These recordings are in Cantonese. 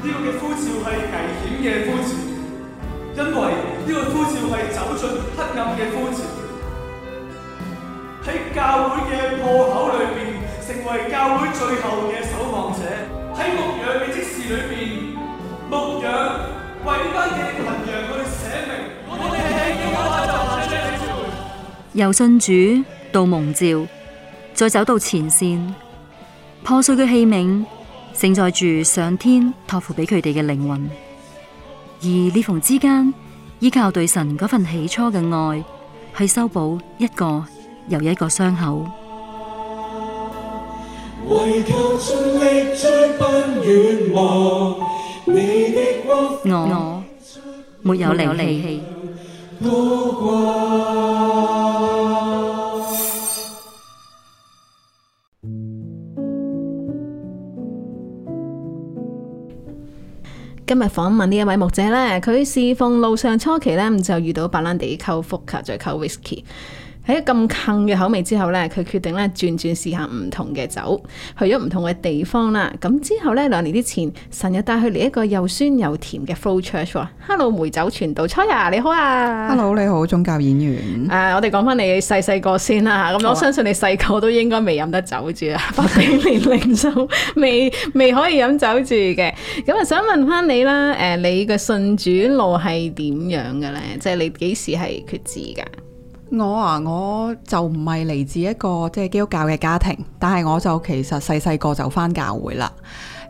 呢個嘅呼召係危險嘅呼召，因為呢個呼召係走進黑暗嘅呼召，喺教會嘅破口裏邊，成為教會最後嘅守望者，喺牧養嘅職事裏邊，牧養遺失嘅群羊去寫明。我哋由信主到蒙召，再走到前線，破碎嘅器皿。承載住上天託付俾佢哋嘅靈魂，而裂縫之間，依靠對神嗰份起初嘅愛，去修補一個又一個傷口。 我我沒有離棄。 今日訪問呢一位牧者咧，佢侍奉路上初期咧就遇到白蘭地溝福卡，再溝威士忌。喺咁坑嘅口味之後呢，佢決定咧轉轉試下唔同嘅酒，去咗唔同嘅地方啦。咁之後呢，兩年之前，神日帶佢嚟一個又酸又甜嘅 Flow Church 話，Hello 梅酒傳道 Choya，你好啊！Hello 你好，宗教演員。誒、啊，我哋講翻你細細個先啦。咁我相信你細個都應該未飲得酒住啦，百年齡就未未可以飲酒住嘅。咁啊，想問翻你啦，誒，你嘅信主路係點樣嘅呢？即係你幾時係決志㗎？我啊，我就唔係嚟自一個即係基督教嘅家庭，但係我就其實細細個就返教會啦。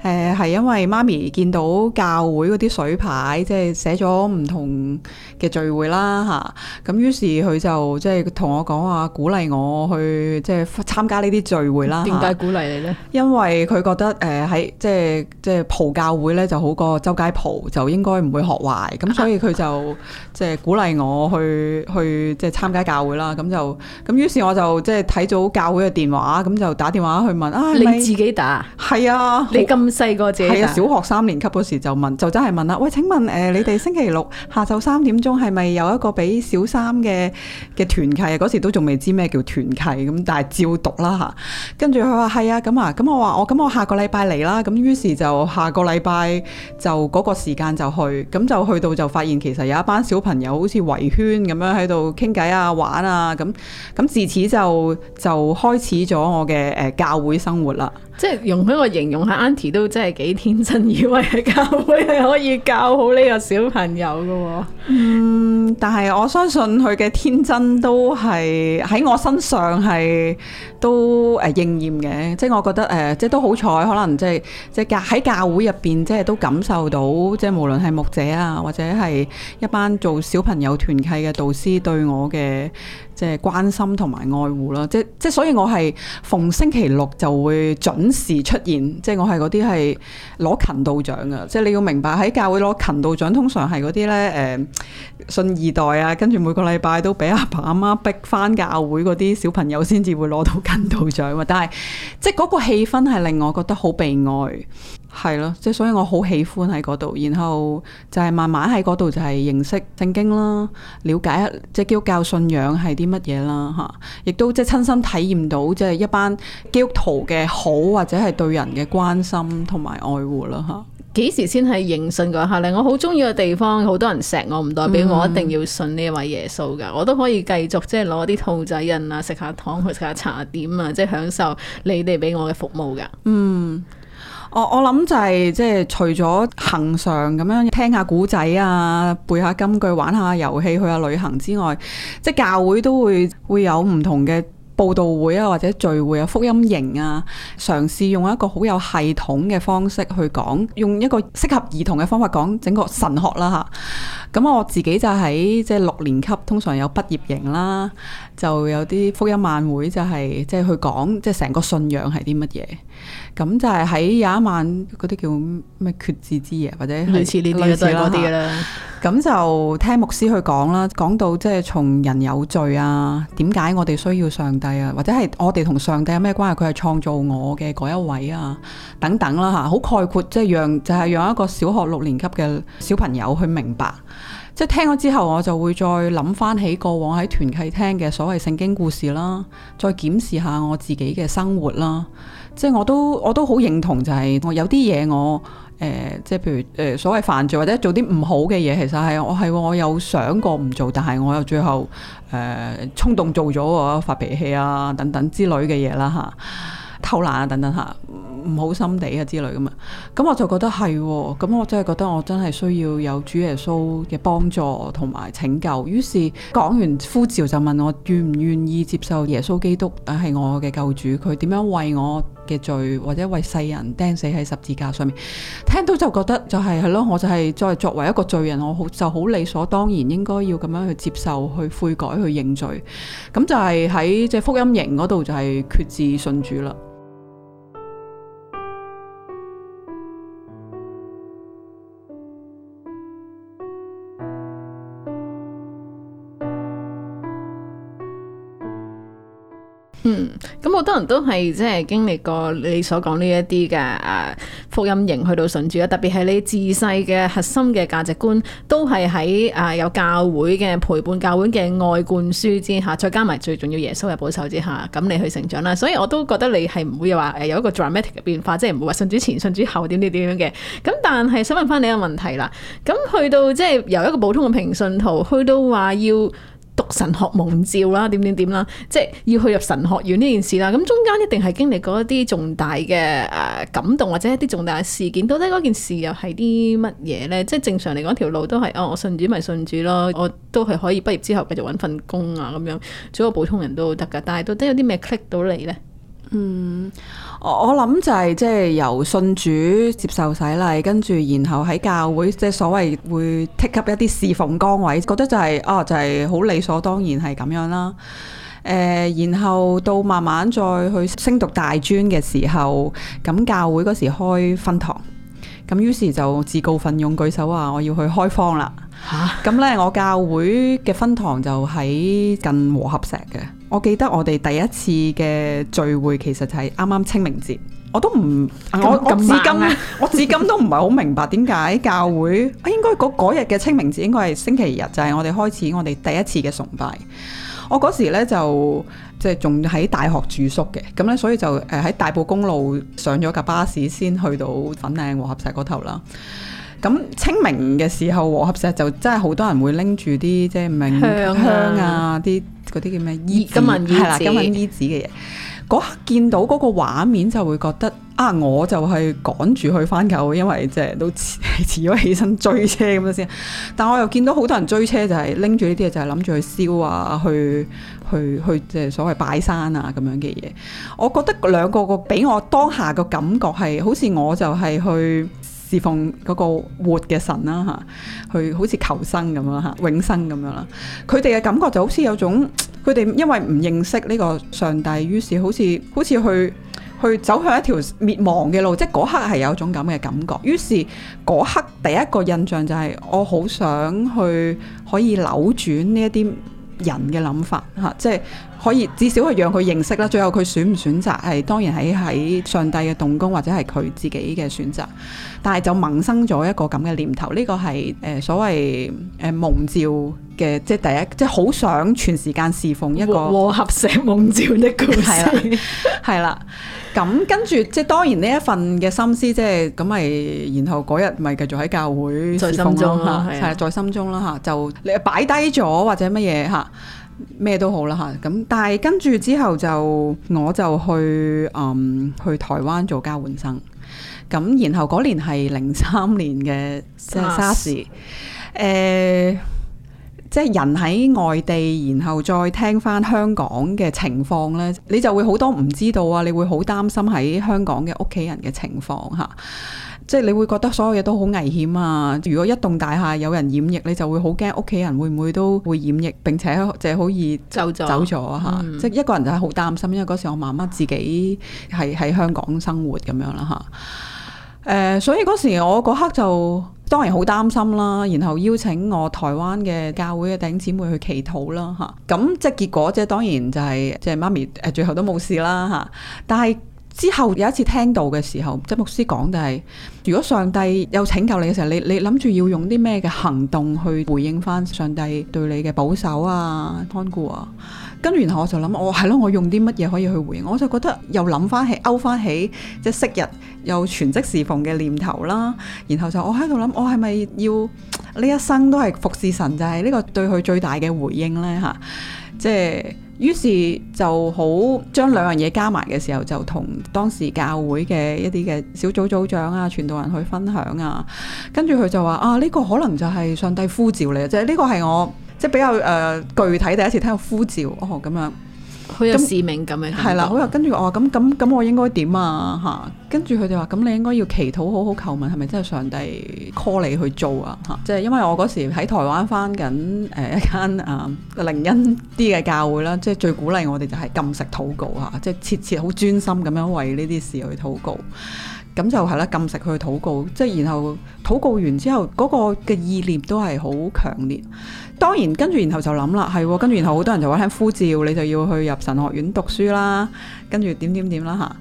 誒係因為媽咪見到教會嗰啲水牌，即係寫咗唔同嘅聚會啦嚇，咁於是佢就即係同我講話，鼓勵我去即係參加呢啲聚會啦。點解鼓勵你呢？因為佢覺得誒喺、呃、即係即係蒲教會咧就好過周街蒲，就應該唔會學壞。咁所以佢就即係鼓勵我去 去即係參加教會啦。咁就咁於是我就即係睇咗教會嘅電話，咁就打電話去問啊，你，你自己打係啊？你咁。細個係啊，小學三年級嗰時就問，就真係問啦。喂，請問誒、呃，你哋星期六下晝三點鐘係咪有一個俾小三嘅嘅團契啊？嗰時都仲未知咩叫團契，咁但係照讀啦吓。跟住佢話係啊，咁啊，咁我話我咁我下個禮拜嚟啦。咁於是就下個禮拜就嗰個時間就去，咁就去到就發現其實有一班小朋友好似圍圈咁樣喺度傾偈啊、玩啊，咁咁自此就就開始咗我嘅誒、欸、教會生活啦。即係容許我形容下 Auntie 都真係幾天真，以為係教會係可以教好呢個小朋友嘅喎。嗯，但係我相信佢嘅天真都係喺我身上係都誒應驗嘅。即係我覺得誒、呃，即係都好彩，可能即係即係教喺教會入邊，即係都感受到，即係無論係牧者啊，或者係一班做小朋友團契嘅導師對我嘅。即係關心同埋愛護啦，即即所以我係逢星期六就會準時出現，即係我係嗰啲係攞勤到獎嘅，即係你要明白喺教會攞勤到獎通常係嗰啲咧誒信二代啊，跟住每個禮拜都俾阿爸阿媽逼翻教會嗰啲小朋友先至會攞到勤到獎嘛，但係即係嗰個氣氛係令我覺得好被愛。係咯，即係所以我好喜歡喺嗰度，然後就係慢慢喺嗰度就係認識聖經啦，了解即係基督教信仰係啲乜嘢啦吓，亦、啊、都即係親身體驗到即係一班基督徒嘅好或者係對人嘅關心同埋愛護啦吓。幾、啊、時先係認信嗰一刻咧？我好中意嘅地方，好多人錫我，唔代表我一定要信呢位耶穌噶，嗯、我都可以繼續即係攞啲兔仔印啊，食下糖，去食下茶點啊，即係享受你哋俾我嘅服務噶。嗯。我我諗就係即係除咗恆常咁樣聽下古仔啊，背下金句，玩下遊戲，去下旅行之外，即係教會都會會有唔同嘅佈道會啊，或者聚會啊，福音營啊，嘗試用一個好有系統嘅方式去講，用一個適合兒童嘅方法講整個神學啦吓。咁我自己就喺即係六年級，通常有畢業營啦，就有啲福音晚會，就是，就係即係去講即係成個信仰係啲乜嘢。咁就係喺有一晚嗰啲叫咩決志之夜，或者類似呢啲啦。咁就聽牧師去講啦，講到即係從人有罪啊，點解我哋需要上帝啊，或者係我哋同上帝有咩關係？佢係創造我嘅嗰一位啊，等等啦，啊，吓，好概括，即係讓就係讓一個小學六年級嘅小朋友去明白。即係聽咗之後，我就會再諗翻起過往喺團契聽嘅所謂聖經故事啦，再檢視下我自己嘅生活啦。即係我都我都好認同，就係我有啲嘢我誒即係譬如誒、呃、所謂犯罪或者做啲唔好嘅嘢，其實係、哦、我係我有想過唔做，但係我又最後誒呃、衝動做咗啊，發脾氣啊等等之類嘅嘢啦嚇。偷懶啊等等吓，唔好心地啊之類咁啊，咁、嗯、我就覺得係、哦，咁、嗯、我真係覺得我真係需要有主耶穌嘅幫助同埋拯救。於是講完呼召就問我願唔願意接受耶穌基督但係我嘅救主，佢點樣為我嘅罪或者為世人釘死喺十字架上面？聽到就覺得就係、係、係咯，我就係作作為一個罪人，我好就好理所當然應該要咁樣去接受去悔改去認罪，咁、嗯、就係喺即福音營嗰度就係決志信主啦。嗯，咁好多人都係即係經歷過你所講呢一啲嘅，誒福音營去到信主啦，特別係你自細嘅核心嘅價值觀都係喺誒有教會嘅陪伴、教會嘅愛灌輸之下，再加埋最重要耶穌嘅保守之下，咁你去成長啦。所以我都覺得你係唔會話誒有一個 dramatic 嘅變化，即係唔會話信主前、信主後點點點樣嘅。咁但係想問翻你個問題啦，咁去到即係由一個普通嘅平信徒去到話要。讀神學蒙召啦，點點點啦，即係要去入神學院呢件事啦，咁中間一定係經歷過一啲重大嘅誒感動或者一啲重大嘅事件，到底嗰件事又係啲乜嘢呢？即係正常嚟講，條路都係哦，我信主咪信主咯，我都係可以畢業之後繼續揾份工啊，咁樣做一個普通人都得噶，但係到底有啲咩 click 到你呢？嗯。我我諗就係即係由信主接受洗禮，跟住然後喺教會即係所謂會 take up 一啲侍奉崗位，覺得就係、是、哦、啊、就係、是、好理所當然係咁樣啦。誒、呃，然後到慢慢再去升讀大專嘅時候，咁教會嗰時開分堂，咁於是就自告奮勇舉手話我要去開荒啦。吓蛤，咁咧我教會嘅分堂就喺近和合石嘅。我記得我哋第一次嘅聚會其實就係啱啱清明節，我都唔樣我，我至今、啊、 我至今都唔係好明白點解教會應該嗰日嘅清明節應該係星期日，就係、是、我哋開始我哋第一次嘅崇拜。我嗰時呢就即係仲喺大學住宿嘅，咁呢所以就誒喺大埔公路上咗架巴士先去到粉嶺和合石嗰頭啦。咁清明嘅時候，和合石就真係好多人會拎住啲即係冥香啊啲。 嗰啲叫咩？衣紙，係啦、啊，今日衣紙嘅嘢，嗰刻見到嗰個畫面就會覺得啊，我就係趕住去翻購，因為即係都遲遲咗起身追車咁樣先。但我又見到好多人追車、就係，就係拎住呢啲嘢，就係諗住去燒啊，去去去，即係所謂拜山啊咁樣嘅嘢。我覺得兩個個俾我當下個感覺係，好似我就係去。侍奉嗰個活嘅神啦嚇，去、啊、好似求生咁啦嚇，永生咁樣啦。佢哋嘅感覺就好似有種，佢哋因為唔認識呢個上帝，於是好似好似去去走向一條滅亡嘅路，即係嗰刻係有種咁嘅感覺。於是嗰刻第一個印象就係我好想去可以扭轉呢一啲人嘅諗法嚇、啊，即係。可以至少係讓佢認識啦。最後佢選唔選擇係當然係喺上帝嘅動工，或者係佢自己嘅選擇。但係就萌生咗一個咁嘅念頭，呢個係誒所謂誒蒙召嘅，即係第一，即係好想全時間侍奉一個和和合寫蒙召的故事，係啦。 咁跟住即係當然呢一份嘅心思，即係咁咪然後嗰日咪繼續喺教會在心中啦，係啊，在心中啦嚇的，就你擺低咗或者乜嘢嚇。咩都好啦嚇，咁但係跟住之後就我就去嗯去台灣做交換生，咁然後嗰年係零三年嘅即係沙士，誒即係人喺外地，然後再聽翻香港嘅情況咧，你就會好多唔知道啊！你會好擔心喺香港嘅屋企人嘅情況嚇。即係你會覺得所有嘢都好危險啊！如果一棟大廈有人染疫，你就會好驚屋企人會唔會都會染疫，並且就係好易走走咗嚇。嗯、即係一個人就係好擔心，因為嗰時我媽媽自己係喺香港生活咁樣啦嚇。誒、呃，所以嗰時我嗰刻就當然好擔心啦，然後邀請我台灣嘅教會嘅頂姊妹去祈禱啦嚇。咁即係結果即係當然就係、是、即係媽咪誒最後都冇事啦嚇，但係。之後有一次聽到嘅時候，即牧師講就係，如果上帝有拯救你嘅時候，你你諗住要用啲咩嘅行動去回應翻上帝對你嘅保守啊、看顧啊，跟住然後我就諗，我係咯，我用啲乜嘢可以去回應？我就覺得又諗翻起勾翻起即昔日又全職侍奉嘅念頭啦，然後就我喺度諗，我係咪要呢一生都係服侍神，就係、是、呢個對佢最大嘅回應呢？啊」嚇，即係。於是就好將兩樣嘢加埋嘅時候，就同當時教會嘅一啲嘅小組組長啊、傳道人去分享啊，跟住佢就話：啊，呢個可能就係上帝呼召嚟，即係呢個係我即係比較誒具體第一次聽到呼召哦咁樣。佢有使命感嘅，係啦、嗯。佢又跟住我話咁咁咁，哦、我應該點啊？吓、啊，跟住佢哋話咁，你應該要祈禱，好好求問，係咪真係上帝 call 你去做啊？吓、啊，即係因為我嗰時喺台灣翻緊誒一間誒靈恩啲嘅教會啦，即係最鼓勵我哋就係禁食禱告吓，即係切切好專心咁樣為呢啲事去禱告。咁就係啦，禁食去禱告，即係然後禱告完之後嗰，那個嘅意念都係好強烈。當然，跟住然後就諗啦，係跟住然後好多人就話聽呼召，你就要去入神學院讀書啦，跟住點點點啦嚇。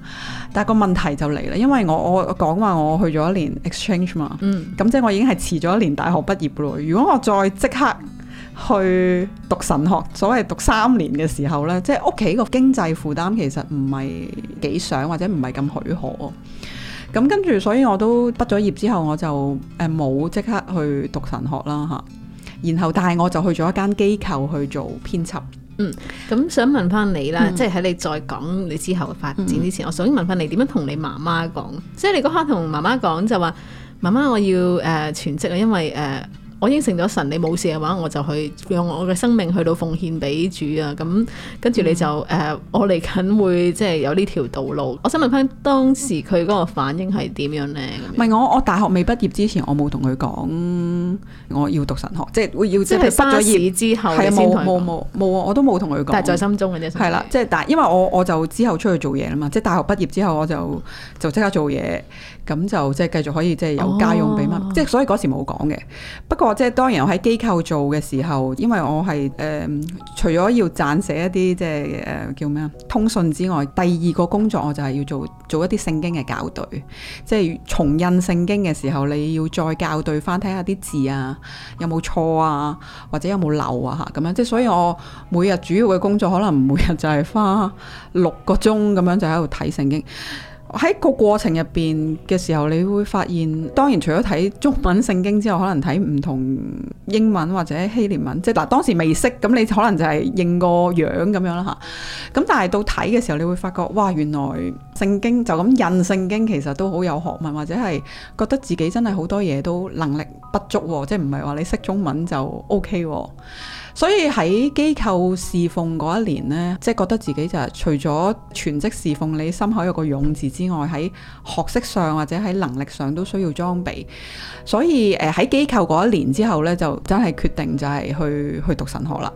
但個問題就嚟啦，因為我我講話我去咗一年 exchange 嘛、嗯，咁即係我已經係遲咗一年大學畢業噶咯。如果我再即刻去讀神學，所謂讀三年嘅時候咧，即係屋企個經濟負擔其實唔係幾想或者唔係咁許可。咁跟住，所以我都畢咗業之後，我就誒冇即刻去讀神學啦嚇。然後，但我就去咗一間機構去做編輯。嗯，咁想問翻你啦，即係喺你再講你之後發展之前，嗯、我想問翻你點樣同你媽媽講？即、就、係、是、你嗰刻同媽媽講就話媽媽，我要誒、呃、全職啊，因為誒。呃我應承咗神，你冇事嘅話，我就去用我嘅生命去到奉獻俾主啊！咁跟住你就誒、嗯呃，我嚟緊會即係有呢條道路。我想問翻當時佢嗰個反應係點樣咧？唔係我，我大學未畢業之前，我冇同佢講我要讀神學，即係要即係畢咗業之後係冇冇冇冇，我都冇同佢講，但係在心中嘅啫。係啦，即係大，因為我我就之後出去做嘢啦嘛，即係大學畢業之後我就就即刻做嘢，咁就即係繼續可以即係有家用俾乜，即係、哦、所以嗰時冇講嘅。不過即係當然，我喺機構做嘅時候，因為我係誒、呃，除咗要撰寫一啲即係誒叫咩啊通訊之外，第二個工作我就係要做做一啲聖經嘅校對，即係重印聖經嘅時候，你要再校對翻睇下啲字啊有冇錯啊，或者有冇漏啊嚇咁樣。即係所以我每日主要嘅工作，可能每日就係花六個鐘咁樣就喺度睇聖經。喺個過程入邊嘅時候，你會發現，當然除咗睇中文聖經之外，可能睇唔同英文或者希臘文，即係嗱，當時未識，咁你可能就係認個樣咁樣啦吓。咁但係到睇嘅時候，你會發覺，哇，原來聖經就咁印聖經，聖經其實都好有學問，或者係覺得自己真係好多嘢都能力不足，即係唔係話你識中文就 OK 哦。所以喺機構侍奉嗰一年呢，即係覺得自己就係除咗全職侍奉你心口有個勇字之外，喺學識上或者喺能力上都需要裝備。所以誒喺機構嗰一年之後呢，就真係決定就係去去讀神學啦。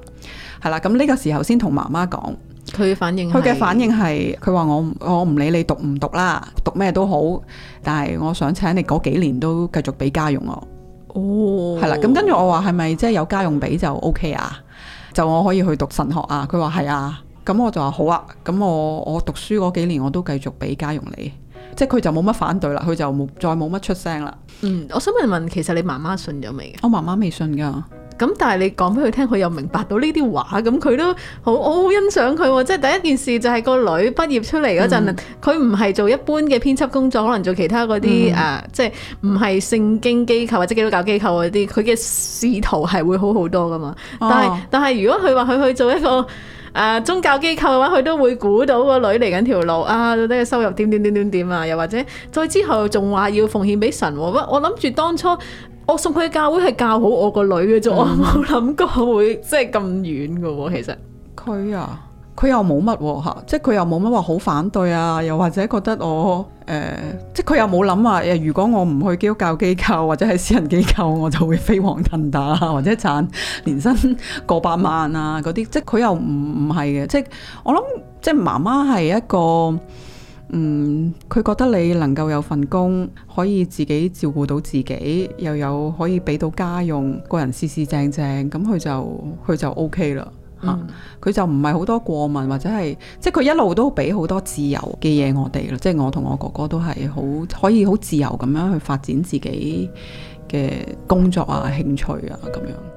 係啦，咁呢個時候先同媽媽講，佢反應，佢嘅反應係佢話我，我唔理你讀唔讀啦，讀咩都好，但係我想請你嗰幾年都繼續俾家用我。哦，係啦，咁跟住我話係咪即係有家用俾就 OK 啊？就我可以去讀神學啊？佢話係啊，咁我就話好啊，咁我我讀書嗰幾年我都繼續俾家用你，即係佢就冇乜反對啦，佢就冇再冇乜出聲啦。嗯，我想問問，其實你媽媽信咗未？我媽媽未信噶。咁但係你講俾佢聽，佢又明白到呢啲話，咁佢都好好欣賞佢，即係第一件事就係個女畢業出嚟嗰陣，佢唔係做一般嘅編輯工作，可能做其他嗰啲誒，即係唔係聖經機構或者基督教機構嗰啲，佢嘅仕途係會好好多噶嘛。但係、哦、但係如果佢話佢去做一個誒、啊、宗教機構嘅話，佢都會估到個女嚟緊條路啊，到底嘅收入點點點點點啊，又或者再之後仲話要奉獻俾神。我我諗住當初。我送佢去教會係教好我個女嘅啫，嗯、我冇諗過會即係咁遠嘅。其實佢啊，佢又冇乜吓，即係佢又冇乜話好反對啊，又或者覺得我誒，呃嗯、即係佢又冇諗話誒，如果我唔去基督教機構或者係私人機構，我就會飛黃騰達啊，或者賺年薪過百萬啊嗰啲，即係佢又唔唔係嘅，即係我諗即係媽媽係一個。嗯，佢覺得你能夠有份工，可以自己照顧到自己，又有可以俾到家用，個人四四正正，咁佢就佢就 OK 啦嚇，佢、嗯啊、就唔係好多過問或者係，即係佢一路都俾好多自由嘅嘢我哋咯，即係我同我哥哥都係好可以好自由咁樣去發展自己嘅工作啊、興趣啊咁樣。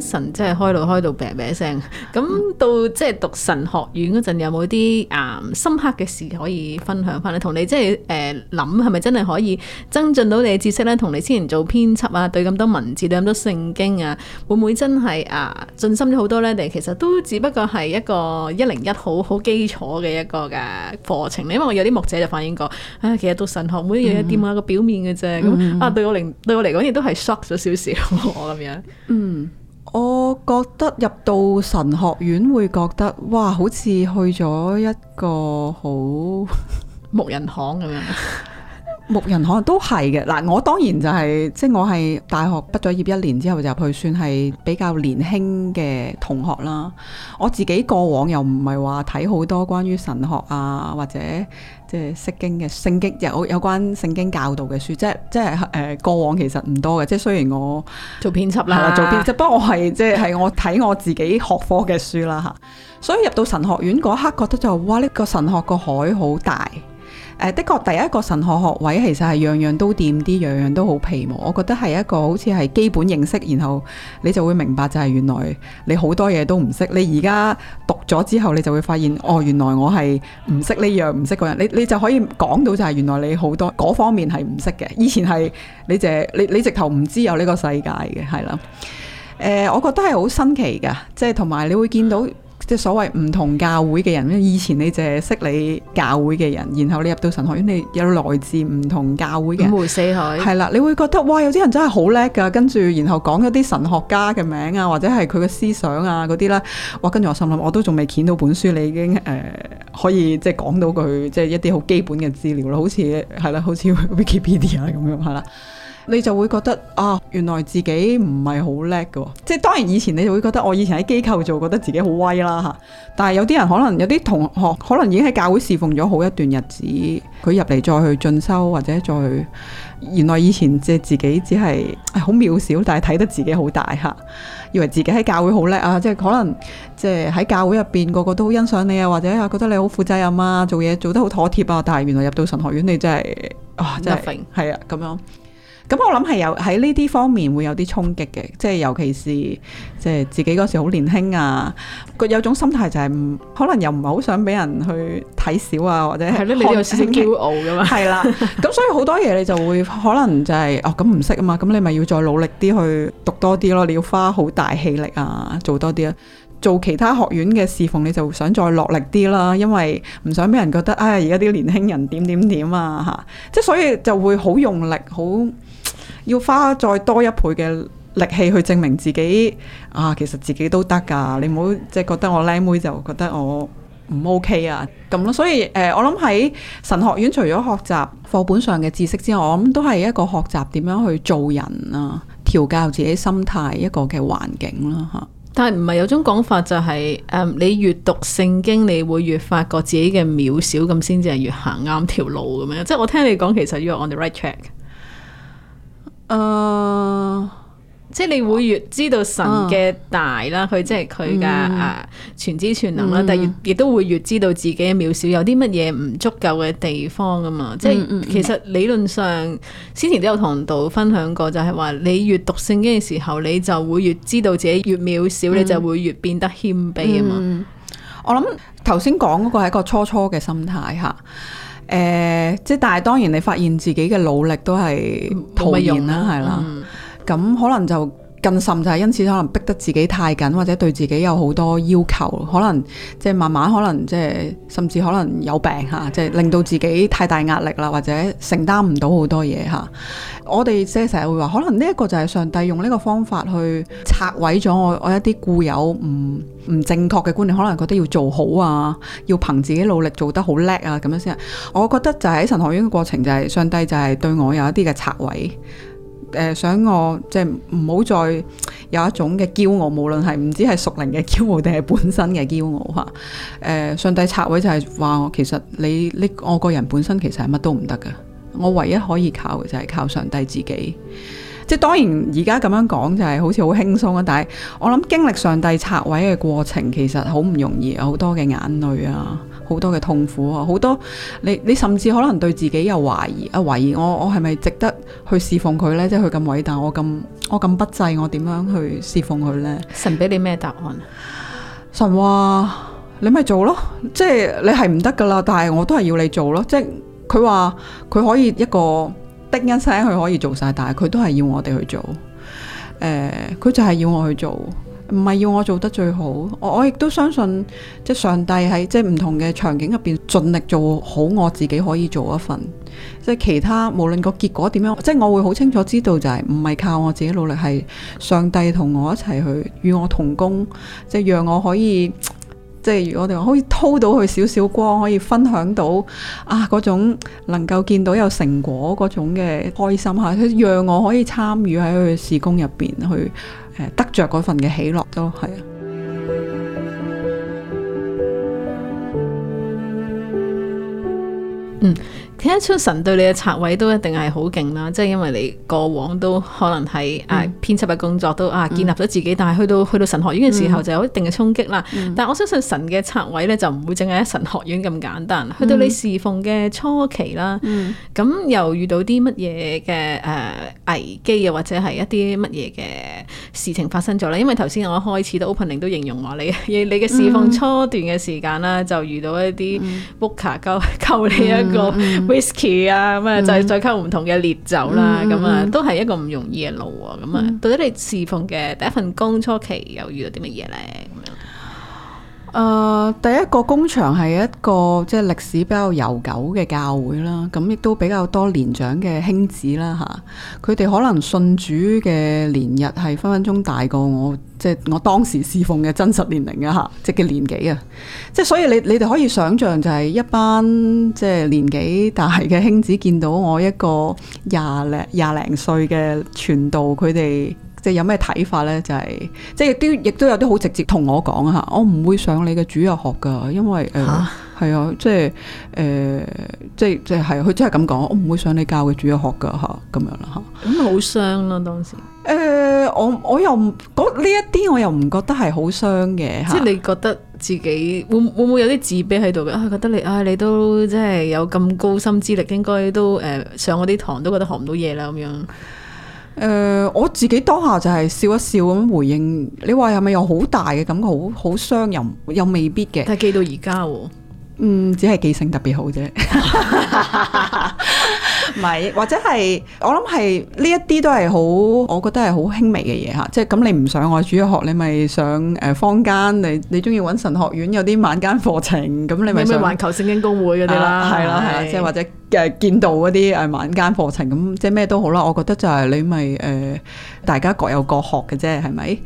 神即係開，道開道嗶嗶聲 到開到咩咩聲，咁到即係讀神學院嗰陣，有冇啲啊深刻嘅事可以分享翻咧？同你即係誒諗係咪真係可以增進到你嘅知識呢？同你之前做編輯啊，對咁多文字，對咁多聖經啊，會唔會真係啊進深咗好多呢？定其實都只不過係一個一零一好好基礎嘅一個嘅課程，因為我有啲牧者就反映過，啊、哎、其實讀神學每樣嘢都掂下個表面嘅啫，咁、嗯嗯、啊對我嚟對我嚟講亦都係 shock 咗少少咁樣，嗯。 我覺得入到神學院會覺得，哇！好似去咗一個好牧 人行咁樣。 牧人可能都係嘅，嗱，我當然就係、是，即係我係大學畢咗業一年之後就入去，算係比較年輕嘅同學啦。我自己過往又唔係話睇好多關於神學啊，或者即係釋經嘅聖經有有關聖經教導嘅書，即係即係誒過往其實唔多嘅。即係雖然我做編輯啦，係啦，做編輯，不過、啊、我係即係我睇我自己學科嘅書啦嚇。所以入到神學院嗰刻，覺得就哇！呢、這個神學個海好大。的確，第一個神學學位其實係樣樣都掂啲，樣樣都好皮毛。我覺得係一個好似係基本認識，然後你就會明白就係原來你好多嘢都唔識。你而家讀咗之後，你就會發現哦，原來我係唔識呢樣唔識嗰樣。你你就可以講到就係原來你好多嗰方面係唔識嘅。以前係你就你你直頭唔知有呢個世界嘅，係啦。誒、呃，我覺得係好新奇嘅，即係同埋你會見到。即係所謂唔同教會嘅人，因為以前你就係識你教會嘅人，然後你入到神學院，你有來自唔同教會嘅五湖四海，係啦，你會覺得哇，有啲人真係好叻噶，跟住然後講咗啲神學家嘅名啊，或者係佢嘅思想啊嗰啲咧，哇！跟住我心諗，我都仲未見到本書，你已經誒、呃、可以即係講到佢即係一啲好基本嘅資料啦，好似係啦，好似 Wikipedia 咁樣係啦。你就會覺得啊，原來自己唔係好叻嘅，即係當然以前你就會覺得我以前喺機構做，覺得自己好威啦嚇。但係有啲人可能有啲同學可能已經喺教會侍奉咗好一段日子，佢入嚟再去進修或者再去，原來以前即係自己只係好渺小，但係睇得自己好大嚇，以為自己喺教會好叻啊，即係可能即係喺教會入邊個個都好欣賞你啊，或者啊覺得你好負責任啊，做嘢做得好妥貼啊。但係原來入到神學院，你真係啊真係係 Nothing. 啊咁樣。咁、嗯、我諗係有喺呢啲方面會有啲衝擊嘅，即係尤其是即係自己嗰時好年輕啊，佢有種心態就係唔可能又唔係好想俾人去睇小啊，或者係咧，了學你有私心驕傲㗎嘛？係 啦、嗯，咁所以好多嘢你就會可能就係、是、哦咁唔識啊嘛，咁你咪要再努力啲去讀多啲咯、啊，你要花好大氣力啊，做多啲啊，做其他學院嘅侍奉你就想再落力啲啦、啊，因為唔想俾人覺得啊而家啲年輕人點點點啊吓，即係所以就會好用力好。要花再多一倍嘅力氣去證明自己啊！其實自己都得噶，你唔好即係覺得我靚妹就覺得我唔 OK 啊咁咯。所以誒、呃，我諗喺神學院除咗學習課本上嘅知識之外，我諗都係一個學習點樣去做人啊，調教自己心態一個嘅環境啦吓。但係唔係有種講法就係、是、誒，你閱讀聖經，你會越發覺自己嘅渺小，咁先至係越行啱條路咁樣？即係我聽你講，其實要我哋。right track。誒，uh, 即係你會越知道神嘅大啦，佢、oh. 即係佢嘅誒全知全能啦，mm. 但係亦都會越知道自己嘅渺小，有啲乜嘢唔足夠嘅地方啊嘛！即係、mm. 其實理論上，之前都有同道分享過就，就係話你越讀聖經嘅時候，你就會越知道自己越渺小，mm. 你就會越變得謙卑啊嘛！Mm. 我諗頭先講嗰個係一個初初嘅心態吓。誒，即係、呃、但係當然，你發現自己嘅努力都係徒然啦，係啦，咁了、嗯、可能就。更甚就係因此可能逼得自己太緊，或者對自己有好多要求，可能即係慢慢可能即係甚至可能有病嚇，即係令到自己太大壓力啦，或者承擔唔到好多嘢嚇。我哋即係成日會話，可能呢一個就係上帝用呢個方法去拆毀咗我我一啲固有唔唔正確嘅觀念，可能覺得要做好啊，要憑自己努力做得好叻啊咁樣先。我覺得就係喺神學院嘅過程，就係上帝就係對我有一啲嘅拆毀。誒、呃，想我即係唔好再有一種嘅驕傲，無論係唔知係屬靈嘅驕傲，定係本身嘅驕傲吓。誒、呃，上帝拆位就係、是、話，其實你呢我個人本身其實係乜都唔得噶，我唯一可以靠嘅就係靠上帝自己。即係當然而家咁樣講就係好似好輕鬆啊，但係我諗經歷上帝拆位嘅過程，其實好唔容易，好多嘅眼淚啊。嗯好多嘅痛苦啊，好多你你甚至可能對自己有懷疑啊，懷疑我我係咪值得去侍奉佢呢？即係佢咁偉大，我咁我咁不濟，我點樣去侍奉佢呢？神俾你咩答案？神話你咪做咯，即係你係唔得噶啦，但係我都係要你做咯。即係佢話佢可以一個叮一聲，佢可以做晒，但係佢都係要我哋去做。誒、欸，佢就係要我去做。唔係要我做得最好，我我亦都相信即係上帝喺即係唔同嘅場景入邊盡力做好我自己可以做一份，即係其他無論個結果點樣，即係我會好清楚知道就係唔係靠我自己努力，係上帝同我一齊去與我同工，即係讓我可以即係我哋可以掏到佢少少光，可以分享到啊嗰種能夠見到有成果嗰種嘅開心吓，佢讓我可以參與喺佢嘅事工入邊去。得着嗰份嘅喜樂都係啊，嗯。聽得出神對你嘅插位都一定係好勁啦，即係因為你過往都可能喺、嗯、啊編輯嘅工作都啊建立咗自己，嗯、但係去到去到神學院嘅時候就有一定嘅衝擊啦。嗯、但我相信神嘅插位咧就唔會淨係喺神學院咁簡單。去到你侍奉嘅初期啦，咁、嗯、又遇到啲乜嘢嘅誒危機啊，或者係一啲乜嘢嘅事情發生咗咧？因為頭先我一開始到 opening 都形容話你 你嘅侍奉初段嘅時間啦，就遇到一啲 booker 救你一個、嗯。嗯嗯 w h i 威士 y 啊，咁啊、嗯，就係再溝唔同嘅烈酒啦，咁、嗯、啊，都係一個唔容易嘅路喎、啊，咁、嗯、啊，到底你侍奉嘅第一份工初期又遇到啲乜嘢咧？誒、呃、第一個工場係一個即係歷史比較悠久嘅教會啦，咁亦都比較多年長嘅兄子啦嚇，佢哋可能信主嘅年日係分分鐘大過我，即係我當時侍奉嘅真實年齡啊嚇，即嘅年紀啊，即係所以你你哋可以想像就係一班即係年紀大嘅兄子見到我一個廿零廿零歲嘅傳道，佢哋。即係有咩睇法咧？就係、是、即係都亦都有啲好直接同我講啊！我唔會上你嘅主日學噶，因為誒係、呃、蛤啊，即係誒、呃、即係即係係佢真係咁講，我唔會上你教嘅主日學噶嚇，咁、啊、樣啦嚇。咁咪好傷咯、啊、當時、呃。誒我我又呢一啲我又唔覺得係好傷嘅，啊、即係你覺得自己會會唔會有啲自卑喺度嘅啊？覺得你啊你都真係有咁高心之力，應該都誒、呃、上我啲堂都覺得學唔到嘢啦咁樣。誒、呃、我自己當下就係笑一笑咁回應，你話係咪有好大嘅感覺，好好傷人又，又未必嘅。但係記到而家喎，嗯，只係記性特別好啫。 或者係我諗係呢一啲都係好，我覺得係好輕微嘅嘢吓。即係咁，你唔上我主學，你咪上誒坊間，你你中意揾神學院有啲晚間課程，咁你咪，你咪環球聖經公會嗰啲啦，係啦係啦，即係或者誒見道嗰啲誒晚間課程，咁即係咩都好啦。我覺得就係你咪誒，大家各有各學嘅啫，係咪？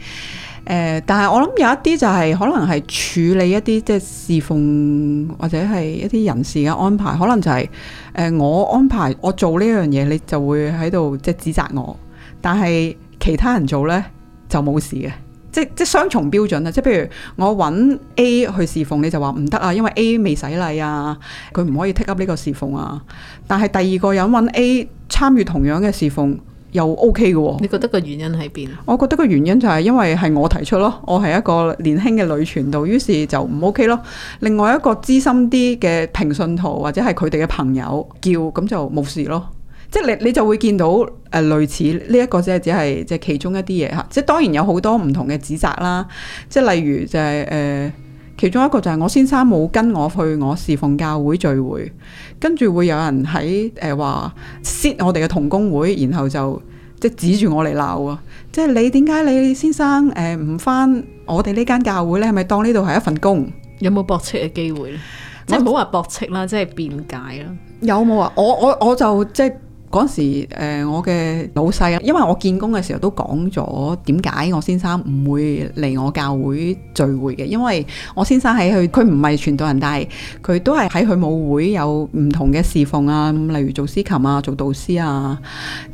誒、呃，但係我諗有一啲就係可能係處理一啲即係侍奉或者係一啲人事嘅安排，可能就係、是、誒、呃、我安排我做呢樣嘢，你就會喺度即係指責我。但係其他人做呢，就冇事嘅，即即雙重標準啊，即譬如我揾 A 去侍奉，你就話唔得啊，因為 A 未洗禮啊，佢唔可以 take up 呢個侍奉啊。但係第二個人揾 A 參與同樣嘅侍奉。又 O K 嘅喎，你覺得個原因喺邊啊？我覺得個原因就係因為係我提出咯，我係一個年輕嘅女傳道，於是就唔 O K 咯。另外一個資深啲嘅平信徒或者係佢哋嘅朋友叫，咁就冇事咯。即係你你就會見到誒、呃、類似呢一、這個即係只係即係其中一啲嘢嚇。即係當然有好多唔同嘅指責啦。即係例如就係、是、誒。呃其中一個就係我先生冇跟我去我侍奉教會聚會，跟住會有人喺誒話 sit 我哋嘅同工會，然後就即係指住我嚟鬧啊！即係你點解你先生誒唔返我哋呢間教會咧？係咪當呢度係一份工？有冇駁斥嘅機會咧我？即係唔好話駁斥啦，即係辯解啦。有冇啊？我我我就即係。嗰時誒，我嘅老細啊，因為我見工嘅時候都講咗點解我先生唔會嚟我教會聚會嘅，因為我先生喺佢佢唔係傳道人，但係佢都係喺佢母會有唔同嘅侍奉啊，例如做司琴啊、做導師啊，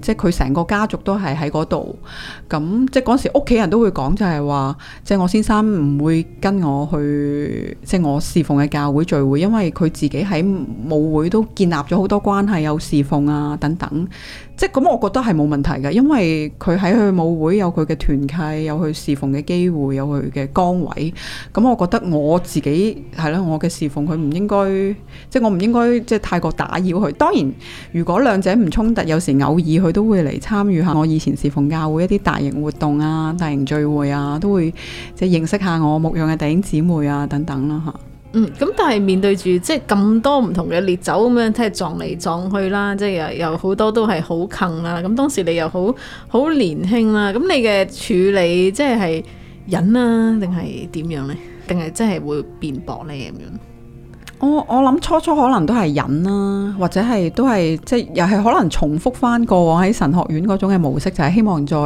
即係佢成個家族都係喺嗰度。咁即係嗰時屋企人都會講就係話，即係我先生唔會跟我去，即係我侍奉嘅教會聚會，因為佢自己喺母會都建立咗好多關係，有侍奉啊等等。即咁，我覺得係冇問題嘅，因為佢喺佢舞會有佢嘅團契，有佢侍奉嘅機會，有佢嘅崗位。咁我覺得我自己係囉，我嘅侍奉佢唔應該，即我唔應該即太過打擾佢。當然，如果兩者唔衝突，有時偶爾佢都會嚟參與下我以前侍奉教會一啲大型活動啊、大型聚會啊，都會即認識下我牧養嘅弟兄姊妹啊等等啦、啊、嚇。嗯，咁但係面對住即係咁多唔同嘅烈酒咁樣，即係撞嚟撞去啦，即係又又好多都係好近啊。咁當時你又好好年輕啦，咁你嘅處理即係係忍啊，定係點樣呢？定係真係會辯駁咧？咁樣？我我諗初初可能都係忍啦、啊，或者係都係即係又係可能重複翻過往喺神學院嗰種嘅模式，就係、是、希望再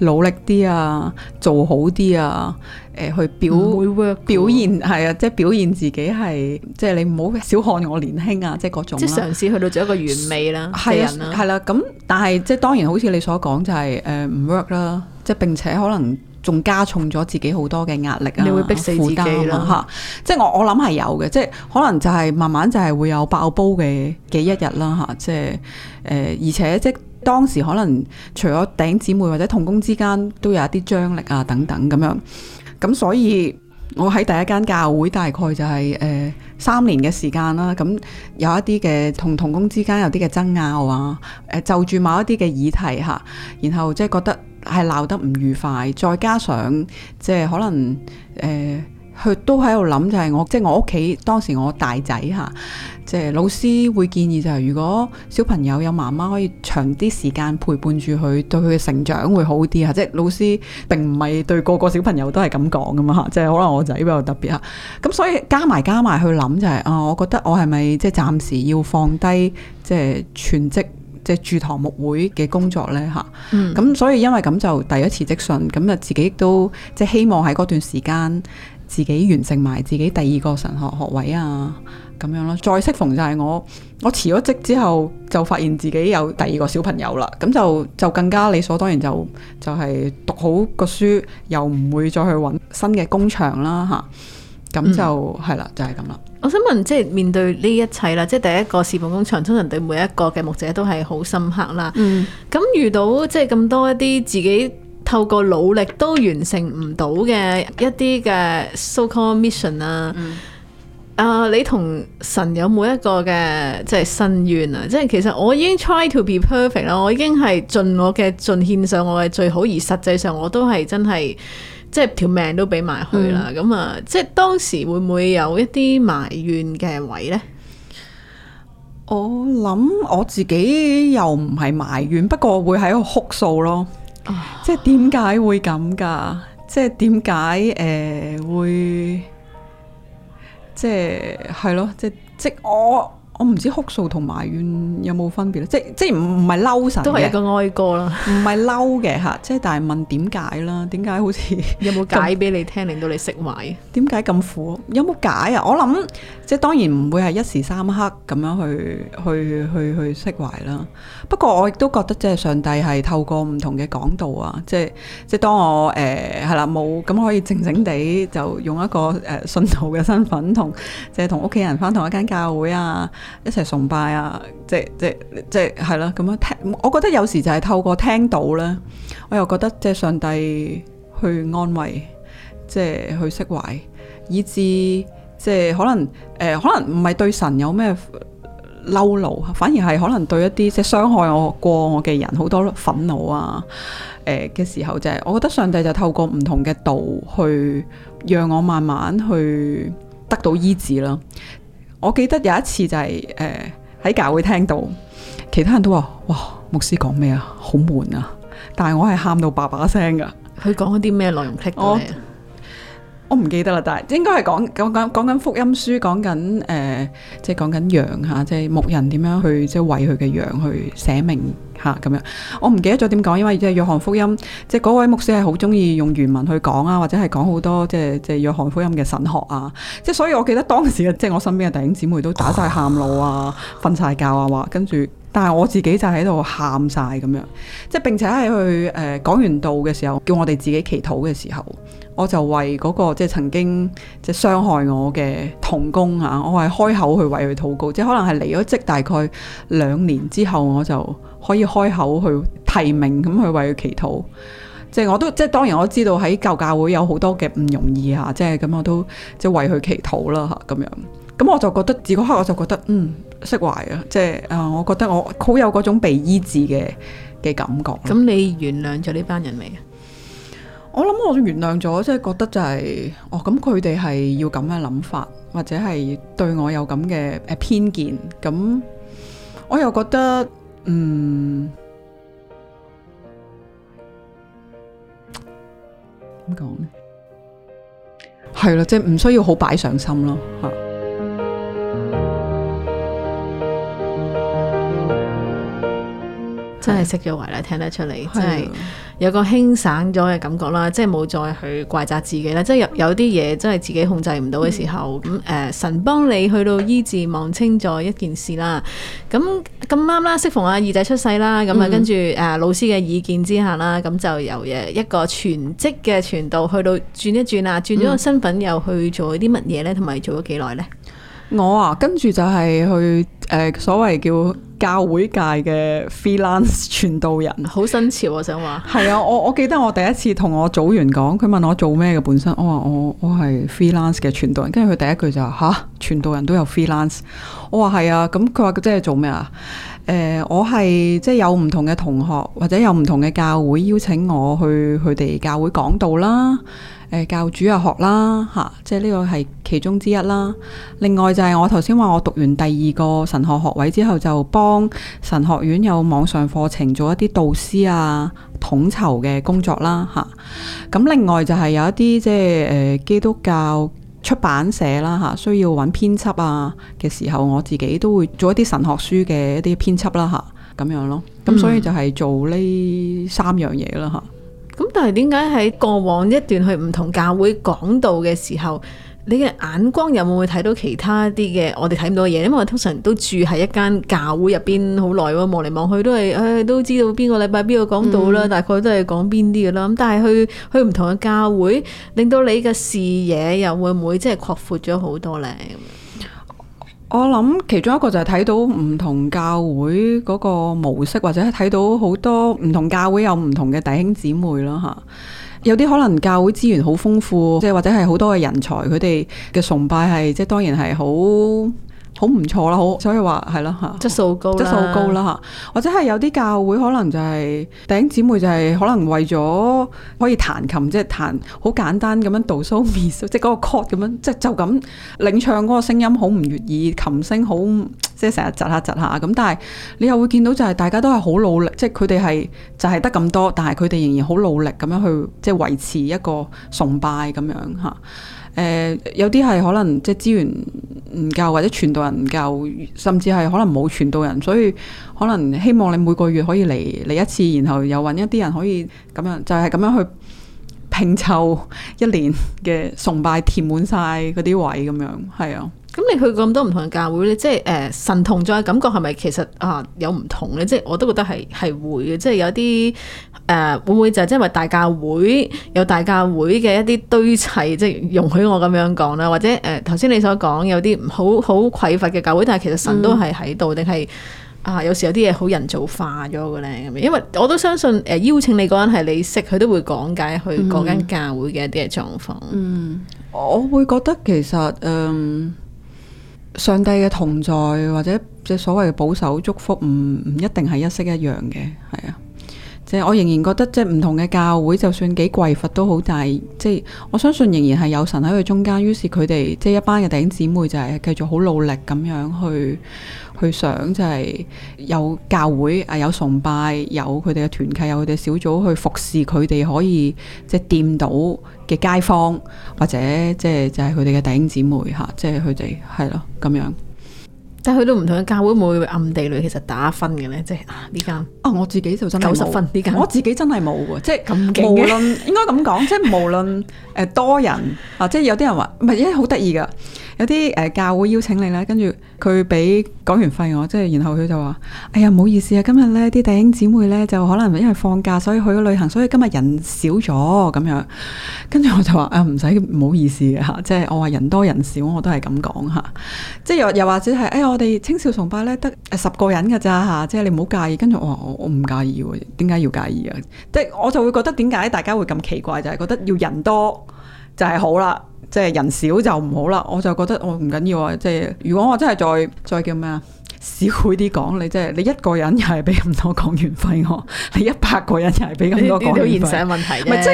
努力啲啊，做好啲啊，誒、呃、去表會表現係啊，啊，即係表現自己係即係你唔好小看我年輕啊，即係嗰種、啊、即係嘗試去到做一個完美啦嘅人啊，啦、啊，係啦、啊，咁、啊、但係即係當然好似你所講就係誒唔 work 啦，即係並且可能。仲加重咗自己好多嘅壓力啊，你會逼死自己啦嚇、啊！即係我我諗係有嘅，即係可能就係慢慢就係會有爆煲嘅嘅一日啦、啊、嚇！即係誒、呃，而且即係當時可能除咗頂姊妹或者同工之間都有一啲張力啊等等咁樣，咁所以我喺第一間教會大概就係、是、誒、呃、三年嘅時間啦、啊，咁有一啲嘅同同工之間有啲嘅爭拗啊，誒、呃、就住某一啲嘅議題嚇、啊，然後即係覺得。係鬧得唔愉快，再加上即係、就是、可能誒，佢、呃、都喺度諗就係、是、我，即、就、係、是、我屋企當時我大仔吓，即、就、係、是、老師會建議就係、是、如果小朋友有媽媽可以長啲時間陪伴住佢，對佢嘅成長會好啲吓。即、就、係、是、老師並唔係對個個小朋友都係咁講㗎嘛，即係可能我仔比較特別吓。咁所以加埋加埋去諗就係、是、啊、呃，我覺得我係咪即係暫時要放低即係全職？即係駐堂牧會嘅工作咧嚇，咁所以因為咁就第一次辭職，咁就自己都即係希望喺嗰段時間自己完成埋自己第二個神學學位啊咁樣咯。再適逢就係我我辭咗職之後，就發現自己有第二個小朋友啦，咁就就更加理所當然就就係讀好個書，又唔會再去揾新嘅工場啦嚇，咁就係啦，就係咁啦。我想問，即係面對呢一切啦，即係第一個事奉工場，通常對每一個嘅牧者都係好深刻啦。咁、嗯、遇到即係咁多一啲自己透過努力都完成唔到嘅一啲嘅 so-called mission 啊，嗯、啊，你同神有冇一個嘅即係深淵啊，即係其實我已經 try to be perfect 啦，我已經係盡我嘅盡獻上我嘅最好，而實際上我都係真係。即係條命都俾埋去啦，咁啊、嗯，即係當時會唔會有一啲埋怨嘅位呢？我諗我自己又唔係埋怨，不過會喺度哭訴咯，啊呃、咯。即係點解會咁噶？即係點解誒會？即係係咯，即係即我。我唔知哭訴同埋怨有冇分別咧？即即唔唔係嬲神嘅，都係一個哀歌啦。唔係嬲嘅嚇，即但係問點解啦？點解好似有冇解俾你聽，令到你釋懷？點解咁苦？有冇解啊？我諗即當然唔會係一時三刻咁樣去去去去釋懷啦。不過我亦都覺得即上帝係透過唔同嘅講道啊，即即當我誒係、呃、啦冇咁可以靜靜地就用一個誒、呃、信徒嘅身份同即係同屋企人返同一間教會啊。一齊崇拜啊！即即即係啦咁樣聽，我覺得有時就係透過聽道咧，我又覺得即係上帝去安慰，即係去釋懷，以致即係可能誒，可能唔係、呃、對神有咩嬲怒，反而係可能對一啲即係傷害我過我嘅人好多憤怒啊！誒、呃、嘅時候就係、是，我覺得上帝就透過唔同嘅道去讓我慢慢去得到醫治啦。我記得有一次就係誒喺教會聽到，其他人都話：哇，牧師講咩啊，好悶啊！但係我係喊到爸爸聲噶。佢講嗰啲咩內容？我我唔記得啦，但係應該係講講講講緊福音書，講緊誒，即係講緊羊吓，即係牧人點樣去即係喂佢嘅羊去寫，去寫名吓咁樣。我唔記得咗點講，因為即係約翰福音，即係嗰位牧師係好中意用原文去講啊，或者係講好多即係即係約翰福音嘅神學啊。即係所以我記得當時嘅即係我身邊嘅弟兄姊妹都打晒喊路啊，瞓晒覺啊，話跟住。但係我自己就喺度喊晒咁樣，即係並且係去誒、呃、講完道嘅時候，叫我哋自己祈禱嘅時候，我就為嗰、那個即係曾經即係傷害我嘅同工啊，我係開口去為佢禱告。即係可能係離咗職大概兩年之後，我就可以開口去提名咁去為佢祈禱。即係我都即係當然我知道喺舊教，教會有好多嘅唔容易嚇、啊，即係咁我都即係為佢祈禱啦嚇咁樣。咁、嗯、我就覺得自嗰刻我就覺得嗯。釋懷啊，即係誒，我覺得我好有嗰種被醫治嘅嘅感覺。咁你原諒咗呢班人未啊？我諗我原諒咗，即係覺得就係、是、哦，咁佢哋係要咁嘅諗法，或者係對我有咁嘅誒偏見，咁、嗯、我又覺得嗯，點講呢？係啦，即係唔需要好擺上心咯，吓。真係釋咗懷啦，聽得出嚟，係嘅有個輕省咗嘅感覺啦，即係冇再去怪責自己啦，即係有啲嘢真係自己控制唔到嘅時候，咁誒、嗯嗯、神幫你去到醫治望清咗一件事啦，咁咁啱啦，適逢阿二仔出世啦，咁啊跟住誒、呃、老師嘅意見之下啦，咁就由誒一個全職嘅傳道去到轉一轉啊，轉咗個身份又去做啲乜嘢呢？同埋做咗幾耐呢？我啊，跟住就係去誒、呃、所謂叫教會界嘅 freelance 傳道人，好新潮啊！想話係啊，我我記得我第一次同我組員講，佢問我做咩嘅，本身我我，我話我我係 freelance 嘅傳道人，跟住佢第一句就話吓，傳道人都有 freelance？我話係啊，咁佢話即係做咩啊？誒、呃，我係即係有唔同嘅同學或者有唔同嘅教會邀請我去佢哋教會講道啦。誒，教主日學啦，吓，即係呢個係其中之一啦。另外就係我頭先話，我讀完第二個神學學位之後，就幫神學院有網上課程做一啲導師啊、統籌嘅工作啦，吓。咁另外就係有一啲即係誒基督教出版社啦，吓，需要揾編輯啊嘅時候，我自己都會做一啲神學書嘅一啲編輯啦，吓咁樣咯。咁、嗯、所以就係做呢三樣嘢啦，吓。咁但係點解喺過往一段去唔同教會講道嘅時候，你嘅眼光有冇會睇到其他一啲嘅我哋睇唔到嘅嘢？因為我通常都住喺一間教會入邊好耐喎，望嚟望去都係誒、哎，都知道邊個禮拜邊個講道啦，嗯、大概都係講邊啲嘅啦。咁但係去去唔同嘅教會，令到你嘅視野又會唔會即係擴闊咗好多呢？我諗其中一個就係睇到唔同教會嗰個模式，或者睇到好多唔同教會有唔同嘅弟兄姊妹啦，吓，有啲可能教會資源好豐富，即係或者係好多嘅人才，佢哋嘅崇拜係即係當然係好。好唔錯啦，好，所以話係咯嚇，質素高，質素高啦嚇，或者係有啲教會可能就係弟兄姊妹就係可能為咗可以彈琴，即係彈好簡單咁樣 do so miss，即係嗰個 chord 咁樣，即係就咁領唱嗰個聲音好唔悅耳，琴聲好即係成日窒下窒下咁，但係你又會見到就係大家都係好努力，即係佢哋係就係得咁多，但係佢哋仍然好努力咁樣去即係維持一個崇拜咁樣嚇。誒、uh, 有啲係可能即係資源唔夠，或者傳道人唔夠，甚至係可能冇傳道人，所以可能希望你每個月可以嚟嚟一次，然後又揾一啲人可以咁樣，就係、是、咁樣去。拼湊一年嘅崇拜填滿晒嗰啲位咁樣，係啊。咁你去過咁多唔同嘅教會咧，即係誒、呃、神同在嘅感覺係咪其實啊有唔同咧？即係我都覺得係係會嘅，即係有啲誒、呃、會唔會就係即係話大教會有大教會嘅一啲堆砌，即係容許我咁樣講啦。或者誒頭先你所講有啲好好匱乏嘅教會，但係其實神都係喺度定係。嗯啊，有時有啲嘢好人造化咗嘅咧，因為我都相信誒邀請你嗰陣係你識佢都會講解佢嗰間教會嘅一啲狀況。嗯，嗯，我會覺得其實誒、嗯、上帝嘅同在或者即係所謂嘅保守祝福，唔唔一定係一式一樣嘅，係啊。即係我仍然覺得即係唔同嘅教會，就算幾貴佛都好，但係即係我相信仍然係有神喺佢中間。於是佢哋即係一班嘅弟兄姊妹就係繼續好努力咁樣去去想，就係有教會啊，有崇拜，有佢哋嘅團契，有佢哋嘅小組去服侍佢哋可以即係掂到嘅街坊，或者即係就係佢哋嘅弟兄姊妹嚇，即係佢哋係咯咁樣。但係去到唔同嘅教會，會唔會暗地裏其實打分嘅咧？即係啊呢間，啊、哦、我自己就真係九十分，呢間我自己真係冇喎，即係咁勁嘅。無論 應該咁講，即係無論誒多人 啊，即係有啲人話唔係，因為好得意㗎。有啲誒教會邀請你啦，跟住佢俾講完費我，即係然後佢就話：哎呀，唔好意思啊，今日呢啲弟兄姊妹呢，就可能因為放假所以去咗旅行，所以今日人少咗咁樣。跟住我就話：啊、哎，唔使唔好意思嚇，即係我話人多人少我都係咁講嚇，即係又又或者係誒、哎、我哋青少崇拜呢得十個人嘅咋嚇，即係你唔好介意。跟住我話我唔介意喎，點解要介意啊？即係我就會覺得點解大家會咁奇怪，就係、是、覺得要人多就係好啦。即係人少就唔好啦，我就覺得我唔緊要啊！即係如果我真係再再叫咩啊少啲講，你即係你一個人又係俾咁多講員費我，你一百個人又係俾咁多講員費。顯示問題啫。唔係即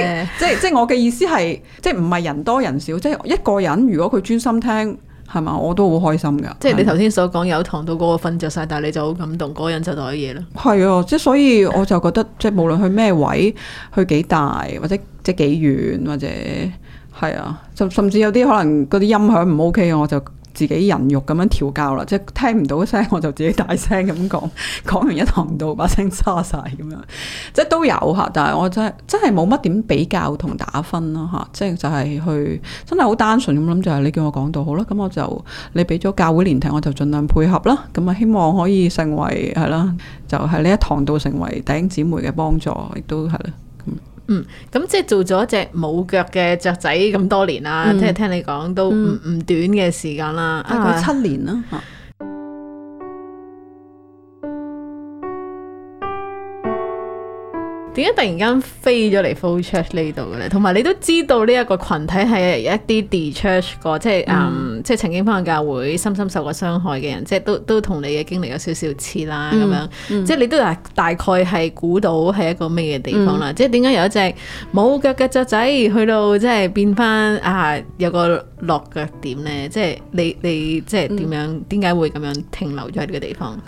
係 即係我嘅意思係即係唔係人多人少， 即係一個人如果佢專心聽係嘛，我都好開心噶。即係你頭先所講有堂到嗰個瞓着晒，但係你就好感動嗰、嗰個、人就妥嘢啦。係啊，即係所以我就覺得即係無論去咩位，去幾大或者即係幾遠或者。係啊，就甚至有啲可能嗰啲音響唔 OK 啊，我就自己人肉咁樣調教啦，即係聽唔到聲，我就自己大聲咁講，講完一堂到把聲沙晒咁樣，即係都有嚇。但係我真係真係冇乜點比較同打分咯嚇、啊，即係就係去真係好單純咁諗，就係、是、你叫我講道好啦，咁我就你俾咗教會聯繫，我就盡量配合啦。咁啊，希望可以成為係啦、啊，就喺、是、呢一堂到成為弟兄姊妹嘅幫助，亦都係啦。嗯，咁即係做咗隻冇腳嘅雀仔咁多年啦、啊，即係、嗯、聽，聽你講都唔唔短嘅時間啦，嗯、啊，佢七年啦。點解突然間飛咗嚟 Flow Church 呢度嘅咧？同埋你都知道呢一個群體係一啲 de-church 過，即係嗯，即係、呃、曾經返過教會、深深受過傷害嘅人，即係都都同你嘅經歷有少少似啦咁、嗯、樣。嗯、即係你都大大概係估到係一個咩嘅地方啦。嗯、即係點解有一隻冇腳嘅雀仔去到即係變返啊有個落腳點咧？即係你你，你即係點樣？點解、嗯、會咁樣停留咗喺呢個地方？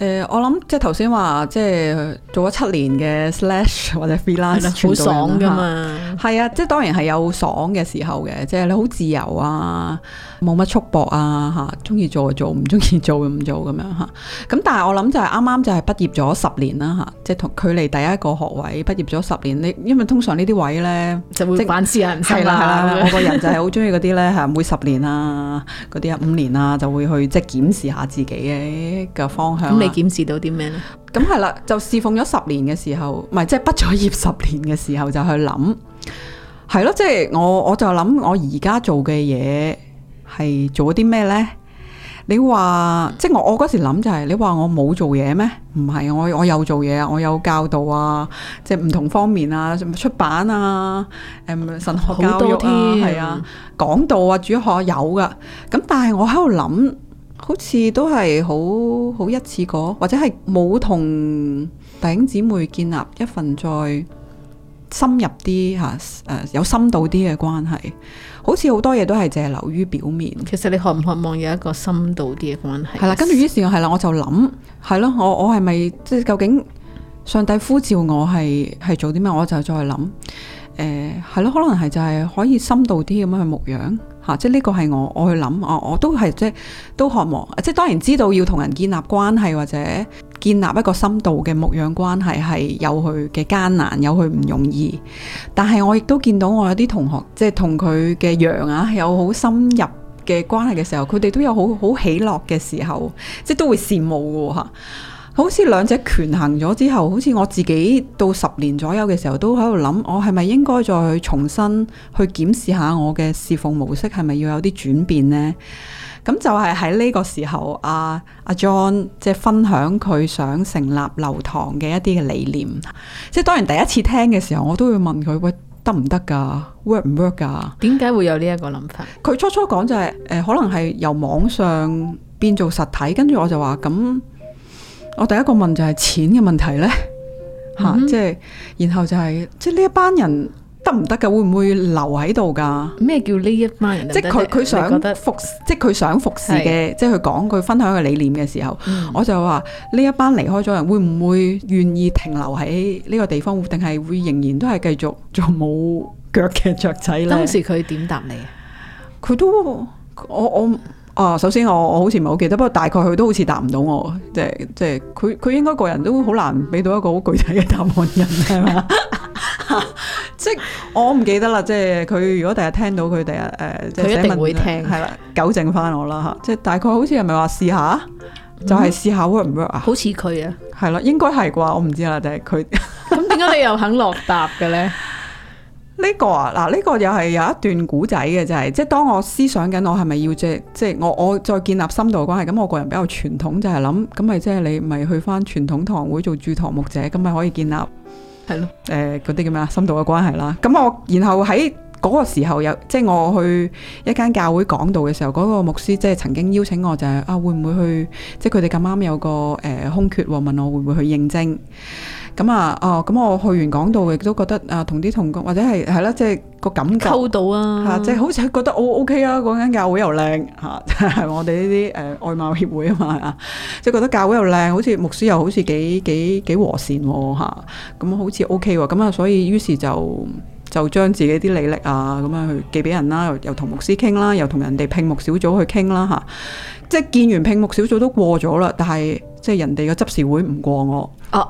誒、呃，我諗即係頭先話，即係做咗七年嘅 slash 或者 freelance，好爽㗎嘛。係啊，即係當然係有爽嘅時候嘅，即係你好自由啊。冇乜束縛啊，嚇，中意做就做，唔中意做就唔做咁樣嚇。咁但係我諗就係啱啱就係畢業咗十年啦嚇，即係同距離第一個學位畢業咗十年。你因為通常呢啲位咧就會反思下唔使啦。我個人就係好中意嗰啲咧嚇，每十年啊嗰啲啊五年啊就會去即係檢視下自己嘅個方向。咁你檢視到啲咩咧？咁係啦，就侍奉咗十年嘅時候，唔係即係畢咗業十年嘅時候就去諗，係咯，即係我我就諗我而家做嘅嘢。係做啲咩呢？你話，即係我我嗰時諗就係你話我冇做嘢咩？唔係，我我有做嘢啊！我有教導啊，即係唔同方面啊，出版啊，誒神學教育係啊，講道啊，主學有噶。咁但係我喺度諗，好似都係好好一次過，或者係冇同弟兄姊妹建立一份再。深入啲吓，誒、啊啊、有深度啲嘅關係，好似好多嘢都係淨係流於表面。其實你渴唔渴望有一個深度啲嘅關係？係啦，跟住於是係啦，我就諗，係咯，我我係咪即係究竟上帝呼召我係係做啲咩？我就再諗，誒係咯，可能係就係可以深度啲咁樣去牧養。嚇、啊！即係呢個係我我去諗、啊，我我都係即係都渴望，即係當然知道要同人建立關係或者建立一個深度嘅牧養關係係有佢嘅艱難，有佢唔容易。但係我亦都見到我有啲同學，即係同佢嘅羊啊有好深入嘅關係嘅時候，佢哋都有好好喜樂嘅時候，即係都會羨慕嘅嚇、啊。好似兩者權衡咗之後，好似我自己到十年左右嘅時候，都喺度諗，我係咪應該再去重新去檢視下我嘅侍奉模式，係咪要有啲轉變呢？咁就係喺呢個時候，阿、啊、阿、啊、John 即係分享佢想成立流堂嘅一啲嘅理念。即係當然第一次聽嘅時候，我都會問佢：喂，得唔得㗎？Work 唔 work 㗎？點解會有呢一個諗法？佢初初講就係、是、誒、呃，可能係由網上變做實體，跟住我就話咁。我第一個問就係錢嘅問題咧，嚇、嗯哼，即係、啊就係、然後就係即係呢一班人得唔得噶，會唔會留喺度噶？咩叫呢一班人行行？即係佢佢想服，即係佢想服侍嘅，的即係佢講佢分享嘅理念嘅時候，嗯、我就話呢一班離開咗人，會唔會願意停留喺呢個地方，定係會仍然都係繼續做冇腳嘅雀仔咧？當時佢點答你？佢都我我。我我哦、啊，首先我我好似唔係好記得，不過大概佢都好似答唔到我，即係即係佢佢應該個人都好難俾到一個好具體嘅答案人係嘛？ 即係我唔記得啦，即係佢如果第日聽到佢第日誒，佢、呃、一定會聽係啦、呃，糾正翻我啦嚇，即係大概好似係咪話試下，嗯、就係試下 work 唔 work 啊？好似佢啊，係啦，應該係啩，我唔知啦，但係佢咁點解你又肯落答嘅咧？呢個啊，嗱，呢個又係有一段古仔嘅，就係即係當我思想緊，就是、我係咪要即係我我再建立深度嘅關係？咁我個人比較傳統，就係、是、諗，咁咪即係你咪去返傳統堂會做駐堂牧者，咁咪可以建立係咯，誒嗰啲叫咩啊，深度嘅關係啦。咁我然後喺嗰個時候有，即、就、係、是、我去一間教會講道嘅時候，嗰、那個牧師即係曾經邀請我、就是，就係啊會唔會去？即係佢哋咁啱有個誒、呃、空缺，問我會唔會去應徵。咁啊，哦，咁我去完講道，亦都覺得啊，同啲同工或者係係啦，即係、就是、個感覺溝到啊，啊，即、就、係、是、好似覺得 O，O，K、OK、啊，嗰間教會又靚嚇，係 我哋呢啲誒外貌協會啊嘛，即、就、係、是、覺得教會又靚，好似牧師又好似幾幾幾和善嚇、啊，咁、啊、好似 O，K 喎，咁啊，所以於是就就將自己啲履歷，歷啊咁樣去寄俾人啦，又同牧師傾啦，又同人哋聘牧小組去傾啦嚇，即係見完聘牧小組都過咗啦，但係即係人哋嘅執事會唔過我啊。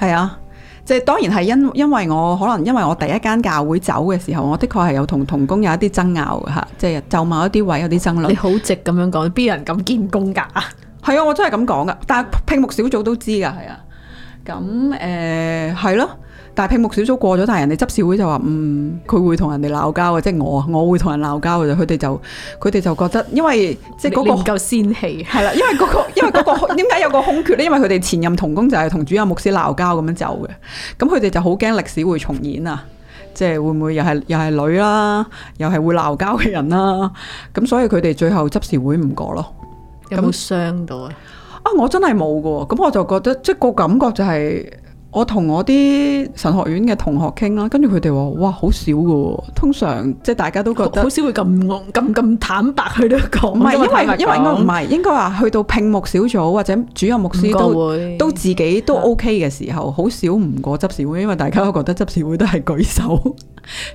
係啊，即係當然係因因為我可能因為我第一間教會走嘅時候，我的確係有同同工有一啲爭拗吓，即係就某一啲位有啲爭拗。你好直咁樣講，邊有人咁見功噶？係啊，我真係咁講噶，但係評目小組都知噶，係啊，咁誒係咯。呃大屏幕小組過咗，但係人哋執事會就話嗯，佢會同人哋鬧交嘅，即係我，我會同人鬧交嘅。佢哋就佢哋就覺得，因為即係，嗰個唔夠仙氣係啦，因為嗰個 因為嗰個點解有個空缺咧？因為佢哋前任同工就係同主任牧師鬧交咁樣走嘅，咁佢哋就好驚歷史會重演啊！即係會唔會又係又係女啦，又係會鬧交嘅人啦？咁所以佢哋最後執事會唔過咯？有冇傷到啊？啊，我真係冇噶，咁我就覺得即係個感覺就係，是。我同我啲神學院嘅同學傾啦，跟住佢哋話：哇，好少噶，通常即係大家都覺得好少會咁咁咁坦白去都講。唔係，因為因為應該唔係，應該話去到聘牧小組或者主任牧師都會都自己都 OK 嘅時候，好、嗯、少唔過執事會，因為大家都覺得執事會都係舉手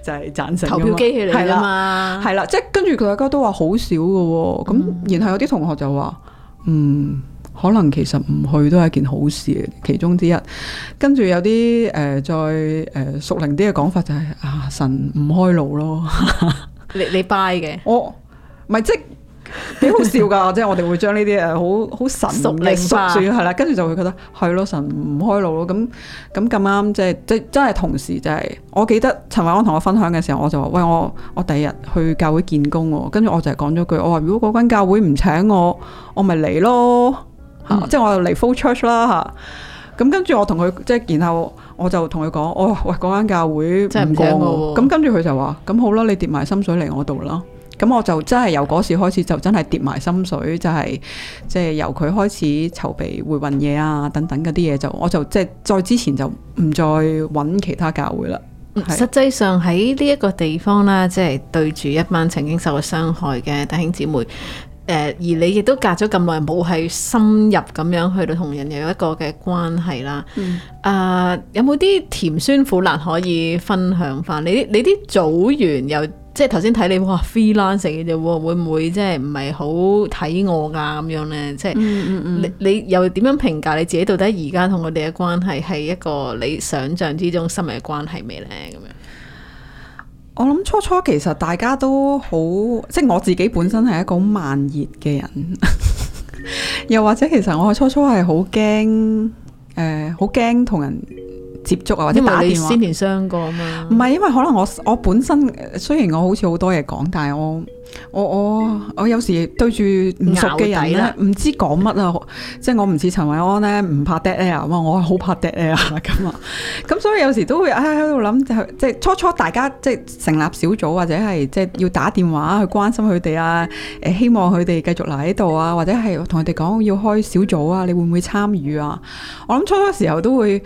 就係讚成，投票機器嚟噶嘛。係啦，即係跟住佢大家都話好少噶。咁、嗯、然後有啲同學就話嗯，可能其實唔去都係一件好事嘅其中之一。跟住有啲誒、呃、再誒、呃、熟靈啲嘅講法就係、是、啊神唔開路咯， 你你拜嘅我咪即幾好笑噶， 即我哋會將呢啲誒好好神熟靈住係啦，跟住就會覺得係咯，神唔開路咯。咁咁咁啱即即真係同時就係、是、我記得陳偉安同我分享嘅時候，我就話喂我我，我第二日去教會見工喎，跟住我就係講咗句我話如果嗰間教會唔請我，我咪嚟咯。 即係我又嚟 Full Church 啦嚇，咁跟住我同佢即係，然後我就同佢講，我、哦、喂嗰間教會唔正嘅喎，咁跟住佢就話，咁、嗯、好啦，你跌埋心水嚟我度啦，咁我就真係由嗰時開始就真係跌埋心水，就係即係由佢開始籌備回運嘢啊等等嗰啲嘢，就我就即係再之前就唔再揾其他教會啦。實際上喺呢一個地方咧，即係對住一班曾經受過傷害嘅弟兄姊妹。誒，而你亦都隔咗咁耐，冇係深入咁樣去到同人有一個嘅關係啦。嗯、啊，有冇啲甜酸苦辣可以分享翻？你啲你啲組員又即係頭先睇你話 freelance 嘅啫喎，會唔會即係唔係好睇我㗎咁樣咧？即係你你又點樣評價你自己？到底而家同佢哋嘅關係，係一個你想象之中心入深入嘅關係未咧？咁樣。我諗初初其實大家都好，即係我自己本身係一個好慢熱嘅人， 又或者其實我初初係好驚，誒好驚同人接觸啊，或者打電話。先連相過啊嘛，唔係因為可能我我本身雖然我好似好多嘢講，但係我。我我我有時對住唔熟嘅人咧，唔知講乜啊。即係我唔似陳偉安咧，唔怕 dead air，我係好怕 dead air 啊。咁啊！咁所以有時都會喺喺度諗，即係初初大家即係成立小組或者係即係要打電話去關心佢哋啊，誒，希望佢哋繼續留喺度啊！或者係同佢哋講要開小組啊，你會唔會參與啊？我諗初初時候都會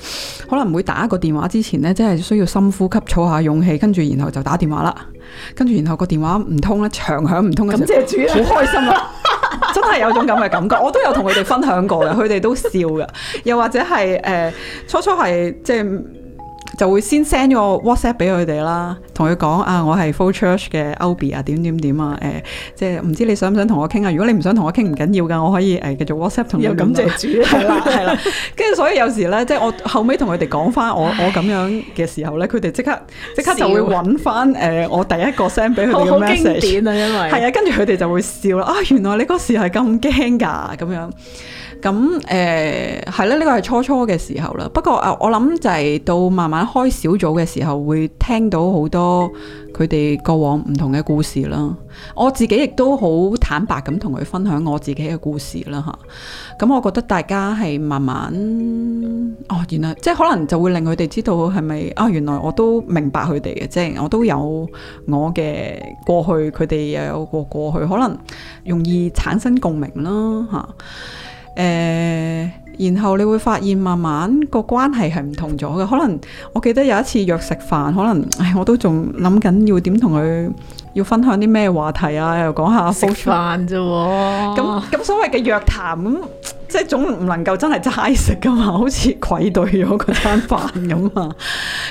可能每打一個電話之前咧，即係需要深呼吸，儲下勇氣，跟住然後就打電話啦。跟住然後個電話唔通咧，長響唔通嘅時候，咁謝主，好開心啊！ 真係有種咁嘅感覺，我都有同佢哋分享過嘅，佢哋都笑㗎，又或者係誒、呃，初初係即係。就會先 send 咗個 WhatsApp 俾佢哋啦，同佢講啊，我係 Full Church 嘅 OBI 啊，點點點啊，誒、呃，即係唔知你想唔想同我傾啊？如果你唔想同我傾唔緊要噶，我可以誒繼續 WhatsApp 同你。要感謝主。係 啦，係啦，跟住 所以有時咧，即係我後尾同佢哋講翻我唉我咁樣嘅時候咧，佢哋即刻即刻就會揾翻誒我第一個 send 俾佢哋嘅 message。好經典啊，因為係啊，跟住佢哋就會笑啦，啊，原來你嗰時係咁驚㗎，咁樣。咁誒係咧，呢個係初初嘅時候啦。不過啊，我諗就係到慢慢開小組嘅時候，會聽到好多佢哋過往唔同嘅故事啦。我自己亦都好坦白咁同佢分享我自己嘅故事啦。嚇、嗯、咁，我覺得大家係慢慢哦，原來即係可能就會令佢哋知道係咪啊？原來我都明白佢哋嘅，即係我都有我嘅過去，佢哋又有個過，過去，可能容易產生共鳴啦。嚇～誒、呃，然後你會發現慢慢個關係係唔同咗嘅，可能我記得有一次約食飯，可能唉我都仲諗緊要點同佢要分享啲咩話題啊，又講下食飯啫、哦，咁咁所謂嘅約談咁。即係總唔能夠真係齋食噶嘛，好似愧對咗嗰餐飯咁啊！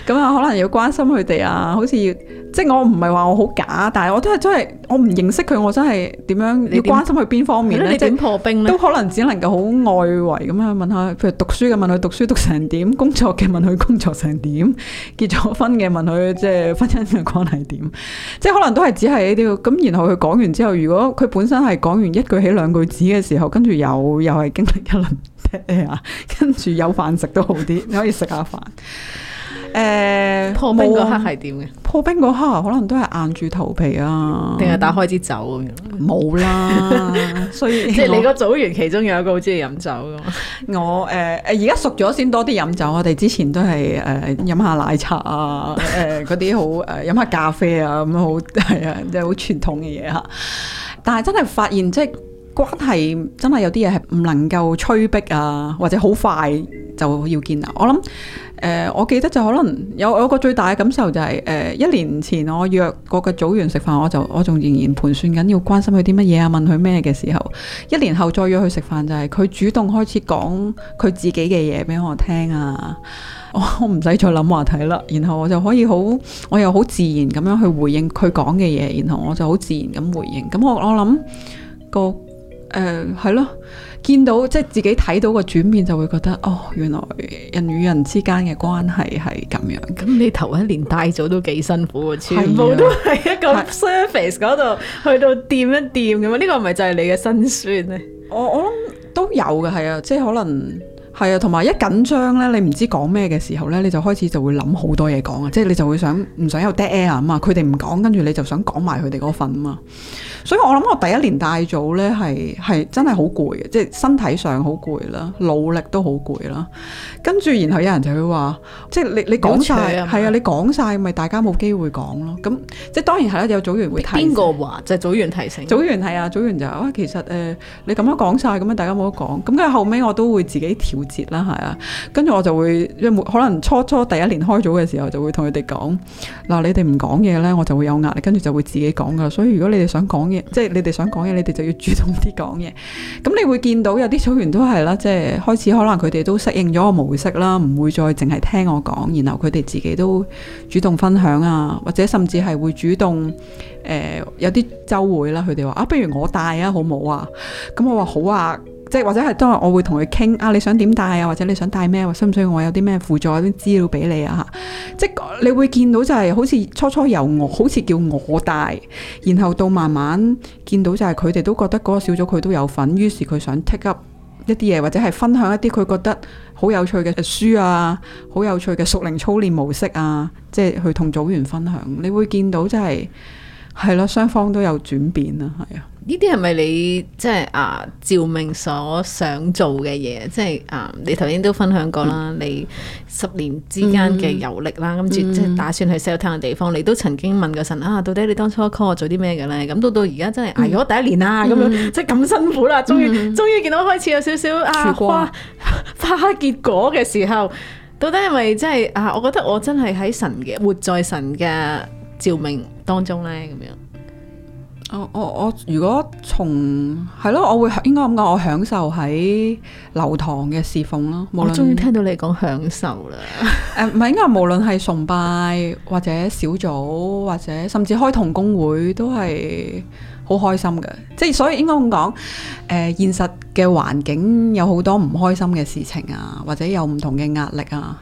咁啊，可能要關心佢哋啊，好似即係我唔係話我好假，但係我都係真係，我唔認識佢，我真係點樣，樣要關心佢邊方面咧？呢即破冰都可能只能夠好外圍咁樣問下，譬如讀書嘅問佢讀書讀成點，工作嘅問佢工作成點，結咗婚嘅問佢即係婚姻嘅關係點，即係可能都係只係呢啲。咁然後佢講完之後，如果佢本身係講完一句起兩句止嘅時候，跟住又又係經。一輪啊，跟住 有飯食都好啲， 你可以食下飯。誒、欸、破冰嗰刻係點嘅？破冰嗰刻可能都係硬住頭皮啊，定係打開支酒咁、啊、樣？冇、嗯、 啦， 所以即係你個組員其中有一個好中意飲酒㗎。我誒誒而家熟咗先多啲飲酒，我哋之前都係誒飲下奶茶啊，誒嗰啲好誒飲下咖啡啊咁好係啊，即係好傳統嘅嘢吓。但係真係發現即係。關係真係有啲嘢係唔能夠催逼啊，或者好快就要見啊。我諗，誒、呃，我記得就可能有有個最大嘅感受就係、是，誒、呃，一年前我約過個組員食飯，我就我仲仍然盤算緊要關心佢啲乜嘢啊，問佢咩嘅時候，一年後再約佢食飯就係、是、佢主動開始講佢自己嘅嘢俾我聽啊， 我唔使再諗話題啦，然後我就可以好，我又好自然咁樣去回應佢講嘅嘢，然後我就好自然咁回應。咁我我諗個。誒，係咯、呃，見到即係自己睇到個轉變，就會覺得哦，原來人與人之間嘅關係係咁樣。咁你頭一年帶組都幾辛苦，的全部都係一個 surface 嗰度去到掂一掂咁嘛。呢、呢個咪就係你嘅辛酸咧？我我諗都有噶，係啊，即係可能係啊，同埋一緊張咧，你唔知講咩嘅時候咧，你就開始就會諗好多嘢講啊，即係你就會想唔想有 dead air 啊嘛？佢哋唔講，跟住你就想講埋佢哋嗰份啊嘛。所以我諗我第一年大組咧，係係真係好攰嘅，即係身體上好攰啦，努力都好攰啦。跟住然後有人就會話，即係你你講晒，係趣啊，啊你講晒，咪大家冇機會講咯。咁即係當然係啦，有組員會提邊個話就組員提醒，組員係啊，組員就啊其實誒、呃、你咁樣講晒，咁樣大家冇得講，咁跟住後尾我都會自己調節啦係啊。跟住我就會因可能初初第一年開組嘅時候就會同佢哋講，嗱你哋唔講嘢咧，我就會有壓力，跟住就會自己講噶。所以如果你哋想講嘢。即係你哋想講嘢，你哋就要主動啲講嘢。咁你會見到有啲組員都係啦，即係開始可能佢哋都適應咗個模式啦，唔會再淨係聽我講，然後佢哋自己都主動分享啊，或者甚至係會主動誒、呃，有啲周會啦，佢哋話啊，不如我帶啊，好唔好啊？咁、嗯、我話好啊。即係或者係當日我會同佢傾啊，你想點帶啊？或者你想帶咩？或需唔需要我有啲咩輔助啲資料俾你啊？嚇！即係你會見到就係、是、好似初初由我，好似叫我帶，然後到慢慢見到就係佢哋都覺得嗰個小組佢都有份，於是佢想 take up 一啲嘢，或者係分享一啲佢覺得好有趣嘅書啊，好有趣嘅熟齡操練模式啊，即係去同組員分享。你會見到即係係咯，雙方都有轉變啊，係啊。呢啲係咪你即係啊？召命所想做嘅嘢，即係啊！你頭先都分享過啦，嗯、你十年之間嘅遊歷啦，咁即係打算去 sell t 嘅地方，嗯、你都曾經問過神啊，到底你當初 call 我做啲咩嘅咧？咁到到而家真係挨咗第一年啦，咁、嗯、樣即係咁辛苦啦，終於終於見到開始有少少、嗯、啊花花結果嘅時候，到底係咪真係啊？我覺得我真係喺神嘅活在神嘅召命當中咧，咁樣。哦，我我如果從係咯，我會應該咁講，我享受喺流堂嘅侍奉咯。無我終於聽到你講享受啦。誒，唔係應該，無論係崇拜或者小組或者甚至開同工會，都係好開心嘅。即係所以應該咁講，誒、呃，現實嘅環境有好多唔開心嘅事情啊，或者有唔同嘅壓力啊。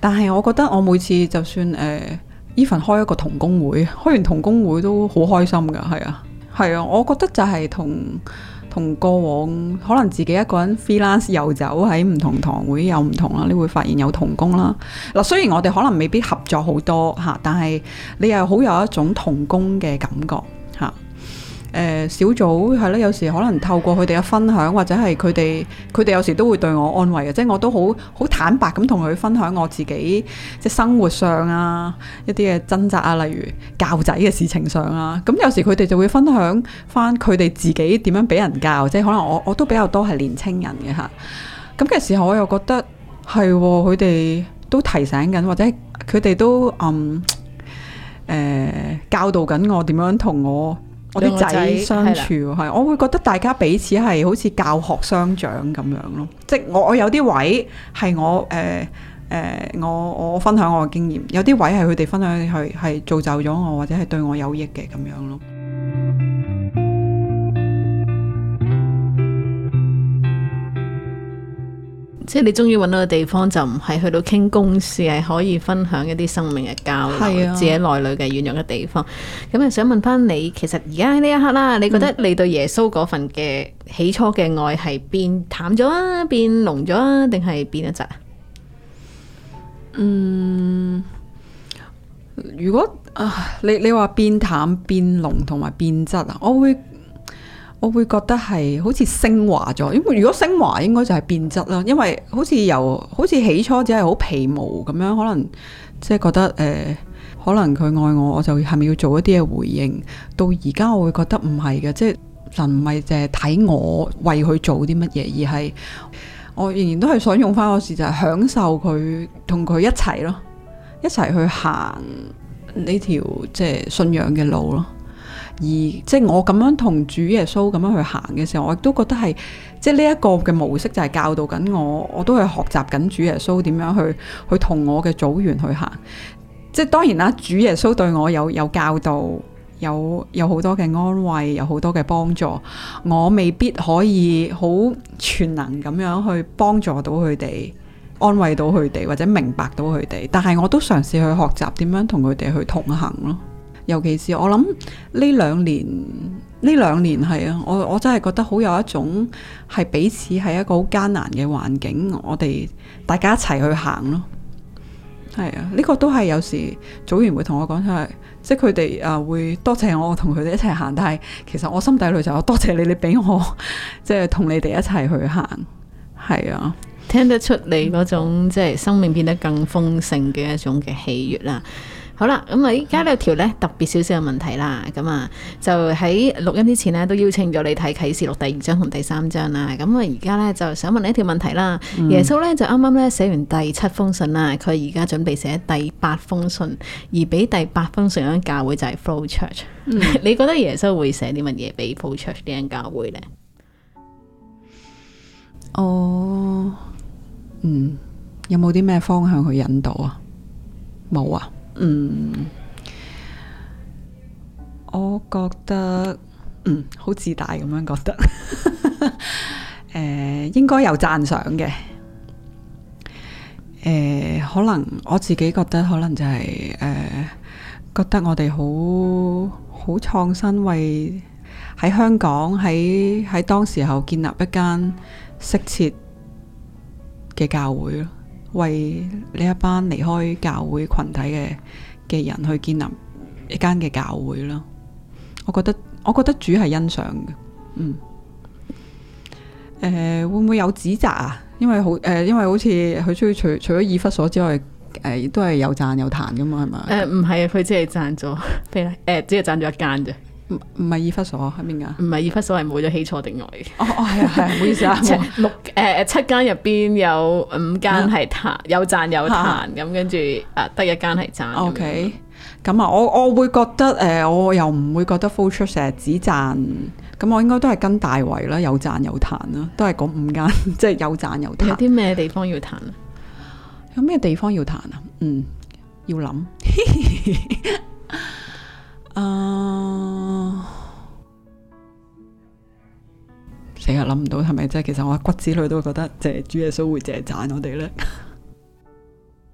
但係我覺得我每次就算誒，呃依份開一個同工會，開完同工會都好開心㗎，係啊，係啊，我覺得就係同同過往，可能自己一個人 freelance 遊走喺唔同堂會有唔同啦，你會發現有同工啦。嗱，雖然我哋可能未必合作好多吓，但係你又好有一種同工嘅感覺。誒、呃、小組係咯，有時可能透過佢哋嘅分享，或者係佢哋佢哋有時都會對我安慰嘅，即係我都好好坦白咁同佢分享我自己即係生活上啊一啲嘅掙扎啊，例如教仔嘅事情上啊，咁、嗯、有時佢哋就會分享返佢哋自己點樣俾人教，即係可能我我都比較多係年青人嘅嚇，咁嘅時候我又覺得係佢哋都提醒緊，或者佢哋都嗯誒、呃、教導緊我點樣同我我啲仔相處，係我會覺得大家彼此係好似教學相長咁樣咯。即係我我有啲位係我誒誒、呃呃、我我分享我嘅經驗，有啲位係佢哋分享佢係造就咗我，或者係對我有益嘅咁樣咯。即係你終於揾到個地方，就唔係去到傾公事，係可以分享一啲生命嘅交流，是啊、自己內裏嘅軟弱嘅地方。咁啊，想問翻你，其實而家呢一刻啦，你覺得你對耶穌嗰份嘅起初嘅愛係變淡咗啊，變濃咗啊，定係變一質啊？嗯，如果啊，你你話變淡、變濃同埋變質啊，我會。我會覺得係好似升華咗，因為如果升華應該就係變質啦。因為好似由好似起初只係好皮毛咁樣，可能即係覺得誒、呃，可能佢愛我，我就係咪要做一啲嘅回應？到而家我會覺得唔係嘅，即係神唔係淨係睇我為佢做啲乜嘢，而係我仍然都係想用翻個事就係、是、享受佢同佢一齊咯，一齊去行呢條即係信仰嘅路咯。而即係我咁樣同主耶穌咁樣去行嘅時候，我亦都覺得係即係呢一個嘅模式就係教導緊我，我都係學習緊主耶穌點樣去去同我嘅組員去行。即當然啦，主耶穌對我有有教導，有有好多嘅安慰，有好多嘅幫助。我未必可以好全能咁樣去幫助到佢哋，安慰到佢哋，或者明白到佢哋。但係我都嘗試去學習點樣同佢哋去同行咯。尤其是我諗呢兩年呢兩年係啊，我我真係覺得好有一種係彼此係一個好艱難嘅環境，我哋大家一齊去行咯。係啊，呢個都係有時組員會同我講出嚟，即係佢哋啊會多謝我同佢哋一齊行，但係其實我心底裏就多謝你，你俾我即係同你哋一齊去行。係啊，聽得出你嗰種即係、就是、生命變得更豐盛嘅一種嘅喜悅啦。好啦，咁啊，依家呢條咧，特別少少嘅問題啦，咁啊的就喺錄音之前呢，都邀請咗你睇啟示錄第二章同第三章啦，咁啊而家咧就想問你一條問題啦，嗯、耶穌咧就啱啱咧寫完第七封信啦，佢而家準備寫第八封信，而俾第八封信嘅教會就係 Flow Church，嗯、 你覺得耶穌會寫啲乜嘢俾 Flow Church 啲人教會呢？哦，嗯，有冇啲咩方向去引導啊？冇啊。嗯，我覺得嗯好自大咁樣覺得，誒、 呃、應該有讚賞嘅，可能我自己覺得可能就係、是、誒、呃、覺得我哋好好創新，為喺香港喺喺當時候建立一間適切嘅教會咯。為呢一班離開教會群體嘅嘅人去建立一間嘅教會啦，我覺得我覺得主係欣賞嘅，嗯，誒、呃、會唔會有指責啊？因為好誒、呃，因為好似佢中意除除咗以弗所之外，誒、呃、都係有讚有彈噶嘛係咪？誒唔係啊，佢、呃、只係讚咗，誒、 呃、只係讚咗一間啫。唔唔係二忽所喺邊噶？唔係二忽所係冇咗起錯定外嘅。哦哦係係，唔好意思啊。六誒誒七間入邊有五間係彈，有讚有彈咁，跟住誒得一間係讚。O K，咁啊，Okay. 我我會覺得誒、呃，我又唔會覺得付出成日只讚，咁我應該都係跟大圍啦，有讚有彈啦，都係嗰五間，即係有讚有彈。 有啲咩地方要彈啊？有咩地方要彈啊？嗯，要諗。 啊！成日諗唔到係咪即係？其實我骨子裏都覺得，謝主耶穌會謝讚我哋呢，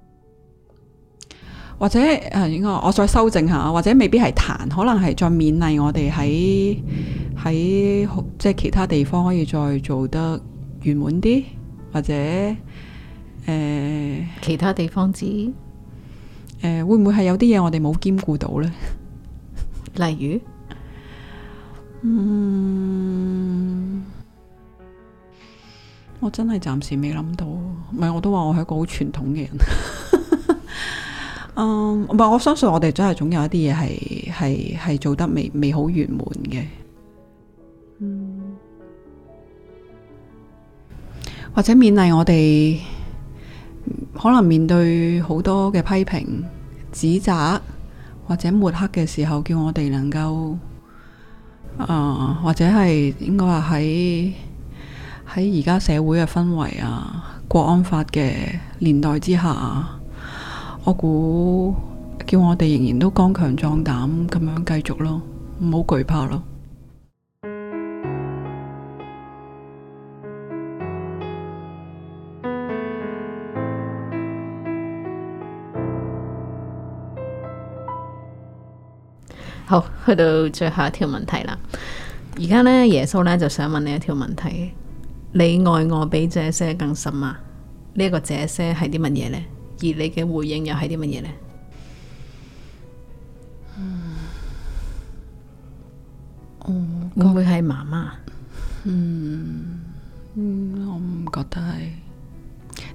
或者誒，應該我再修正下，或者未必係彈，可能係再勉勵我哋喺喺即係其他地方可以再做得圓滿啲，或者誒、呃、其他地方指誒、呃，會唔會係有啲嘢我哋冇兼顧到呢？例如，嗯，我真係暫時未諗到，唔係我都話我係一個好傳統嘅人。唔 係、嗯、我相信我哋真係總有一啲嘢，係係係做得未未好圓滿嘅、嗯。或者勉勵我哋，可能面對好多嘅批評、指責。或者抹黑嘅時候，叫我哋能夠，誒、啊，或者係應該話喺喺而家社會嘅氛圍啊，國安法嘅年代之下、啊，我估叫我哋仍然都剛強壯膽咁樣繼續咯，唔好懼怕咯。好，去到最後一條問題啦。而家呢，耶穌呢就想問你一條問題： 你愛我比這些更深嗎？呢個這些係啲乜嘢呢？而你嘅回應又係啲乜嘢呢？」嗯，我會唔會係媽媽。嗯，我唔覺得係。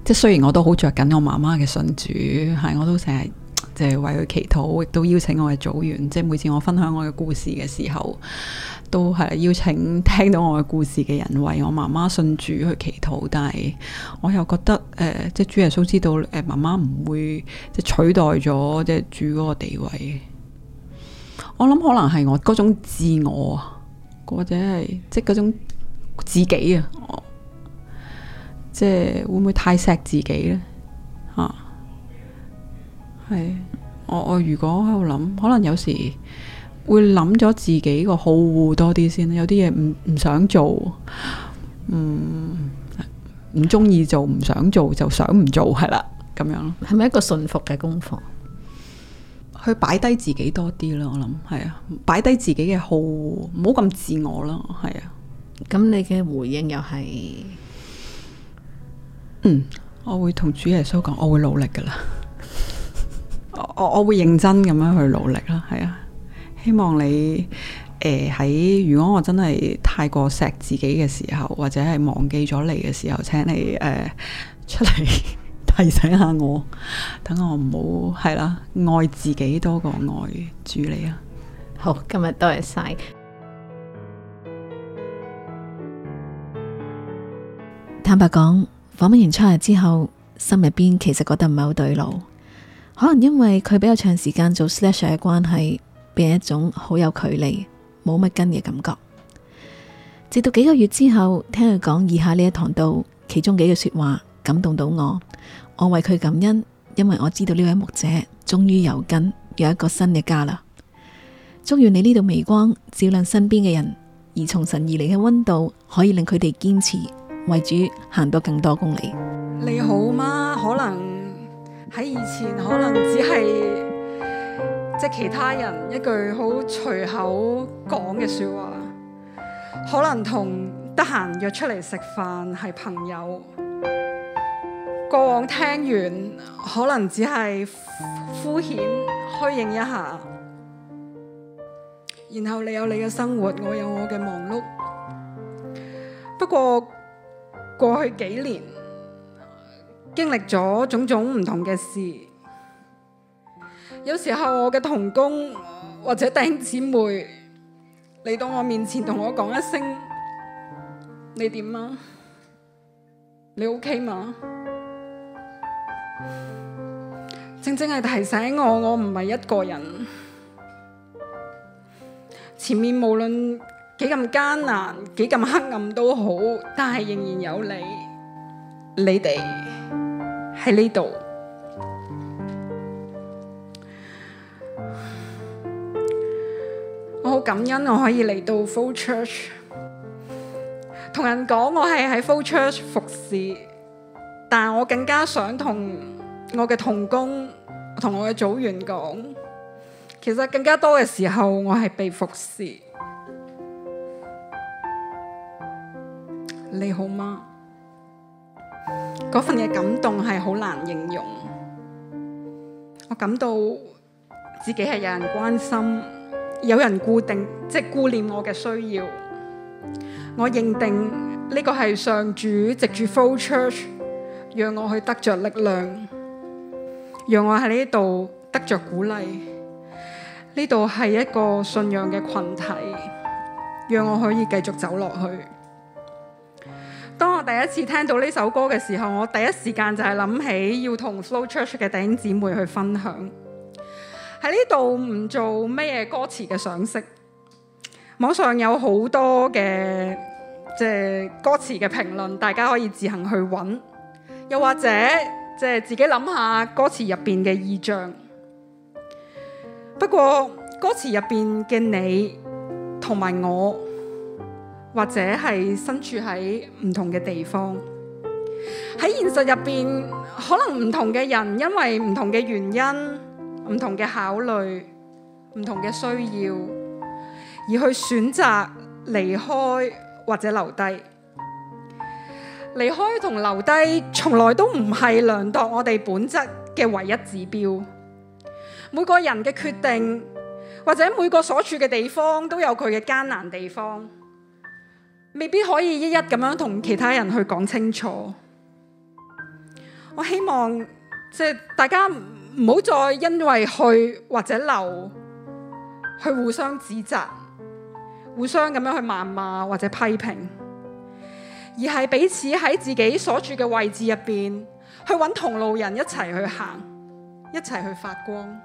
即係雖然我都好着緊我媽媽嘅信主，係我都成日。就係為佢祈禱，亦都邀請我嘅組員。即係每次我分享我嘅故事嘅時候，都係邀請聽到我嘅故事嘅人為我媽媽信主去祈禱。但係我又覺得誒、呃，即係主耶穌知道誒媽媽唔會即係取代咗即係主嗰個地位。我諗可能係我嗰種自我，或者係即係嗰種自己啊、哦，即係會唔會太錫自己呢？係，我我如果喺度諗，可能有時會諗咗自己個好惡多啲先。有啲嘢唔唔想做，嗯，唔中意做，唔想做，就想唔做係啦，咁樣咯。係咪一個順服嘅功課？去擺低自己多啲咯，我諗係啊，擺低自己嘅好惡，唔好咁自我咯，係啊。咁你嘅回應又係？嗯，我會同主耶穌講，我會努力噶啦。我我我會認真咁樣去努力啦，係啊，希望你誒喺、呃、如果我真係太過錫自己嘅時候，或者係忘記咗你嘅時候，請你誒、呃、出嚟 提醒下我，等我唔好係啦，愛自己多過愛住你啊！好，今日多謝晒。坦白講，訪問完出嚟之後，心入邊其實覺得唔係好對路。可能因為佢比較長時間做 slasher 嘅關係，變成一種好有距離、冇乜根嘅感覺。直到幾個月之後，聽佢講以下呢一堂道其中幾句說話感動到我，我為佢感恩，因為我知道呢位牧者終於有根，有一個新嘅家啦。祝願你呢道微光照亮身邊嘅人，而從神而嚟嘅溫度，可以令佢哋堅持為主行到更多公里。你好嗎？可能。喺以前，可能只係即其他人一句好隨口講嘅説話，可能同得閒約出嚟食飯係朋友。過往聽完，可能只係敷衍虛應一下，然後你有你嘅生活，我有我嘅忙碌。不過過去幾年，經歷咗種種唔同嘅事，有時候我嘅同工或者弟兄姊妹嚟到我面前同我講一聲：你點啊？你 OK 嗎？正正係提醒我，我唔係一個人。前面無論幾咁艱難、幾咁黑暗都好，但係仍然有你、你哋。喺呢度，我好感恩我可以嚟到 Flow Church，同人講我係喺 Flow Church 服侍，但我更加想同我嘅同工同我嘅組員講，其實更加多嘅時候我係被服侍。你好嗎？嗰份嘅感動係好難形容，我感到自己係有人關心，有人固定，即係顧念我嘅需要。我認定呢個係上主藉住 Flow Church 讓我去得着力量，讓我喺呢度得着鼓勵。呢度係一個信仰嘅群體，讓我可以繼續走落去。當我第一次聽到呢首歌嘅時候，我第一時間就係諗起要同 Flow Church 嘅弟兄姊妹去分享。喺呢度唔做咩歌詞嘅賞析，網上有好多嘅即係歌詞嘅評論，大家可以自行去揾，又或者即係自己諗下歌詞入邊嘅意象。不過歌詞入邊嘅你同埋我。或者係身處喺唔同嘅地方，喺現實入邊，可能唔同嘅人因為唔同嘅原因、唔同嘅考慮、唔同嘅需要，而去選擇離開或者留低。離開同留低，從來都唔係量度我哋本質嘅唯一指標。每個人嘅決定，或者每個所處嘅地方，都有佢嘅艱難地方。未必可以一一咁樣同其他人去講清楚。我希望即係大家唔好再因為去或者留，去互相指責，互相咁樣去謾罵或者批評，而係彼此喺自己所住嘅位置入邊去揾同路人一齊去行，一齊去發光。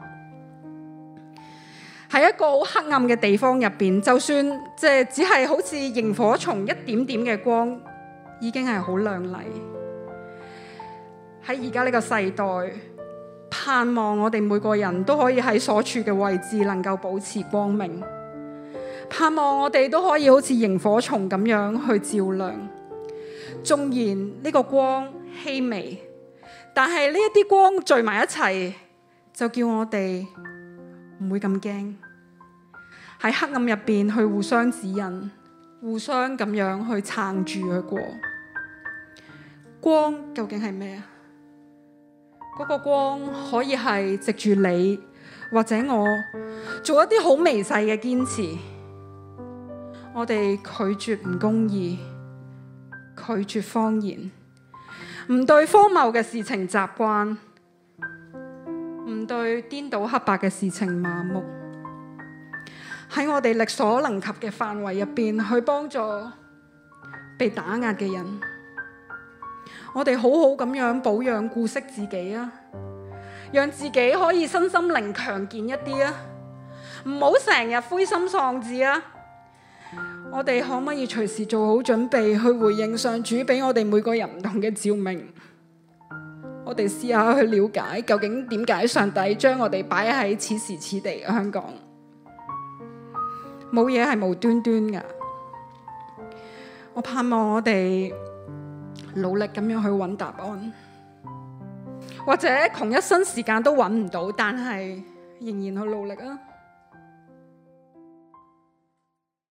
喺一個好黑暗嘅地方入邊，就算即係只係好似螢火蟲一點點嘅光，已經係好亮麗。喺而家呢個世代，盼望我哋每個人都可以喺所處嘅位置能夠保持光明，盼望我哋都可以好似螢火蟲咁樣去照亮。縱然呢個光稀微，但係呢一啲光聚埋一齊，就叫我哋。唔會咁驚，喺黑暗入邊去互相指引，互相咁樣去撐住去過。光究竟係咩啊？嗰個光可以係藉住你或者我做一啲好微細嘅堅持。我哋拒絕唔公義，拒絕謊言，唔對荒謬嘅事情習慣。唔對顛倒黑白嘅事情麻木，喺我哋力所能及嘅範圍入邊去幫助被打壓嘅人。我哋好好咁樣保養顧惜自己啊，讓自己可以身心靈強健一啲啊，唔好成日灰心喪志啊。我哋可唔可以隨時做好準備去回應上主俾我哋每個人唔同嘅召命？我哋試下去了解究竟點解上帝將我哋擺喺此時此地嘅香港，冇嘢係無端端噶。我盼望我哋努力咁樣去揾答案，或者窮一生時間都揾唔到，但係仍然去努力啊！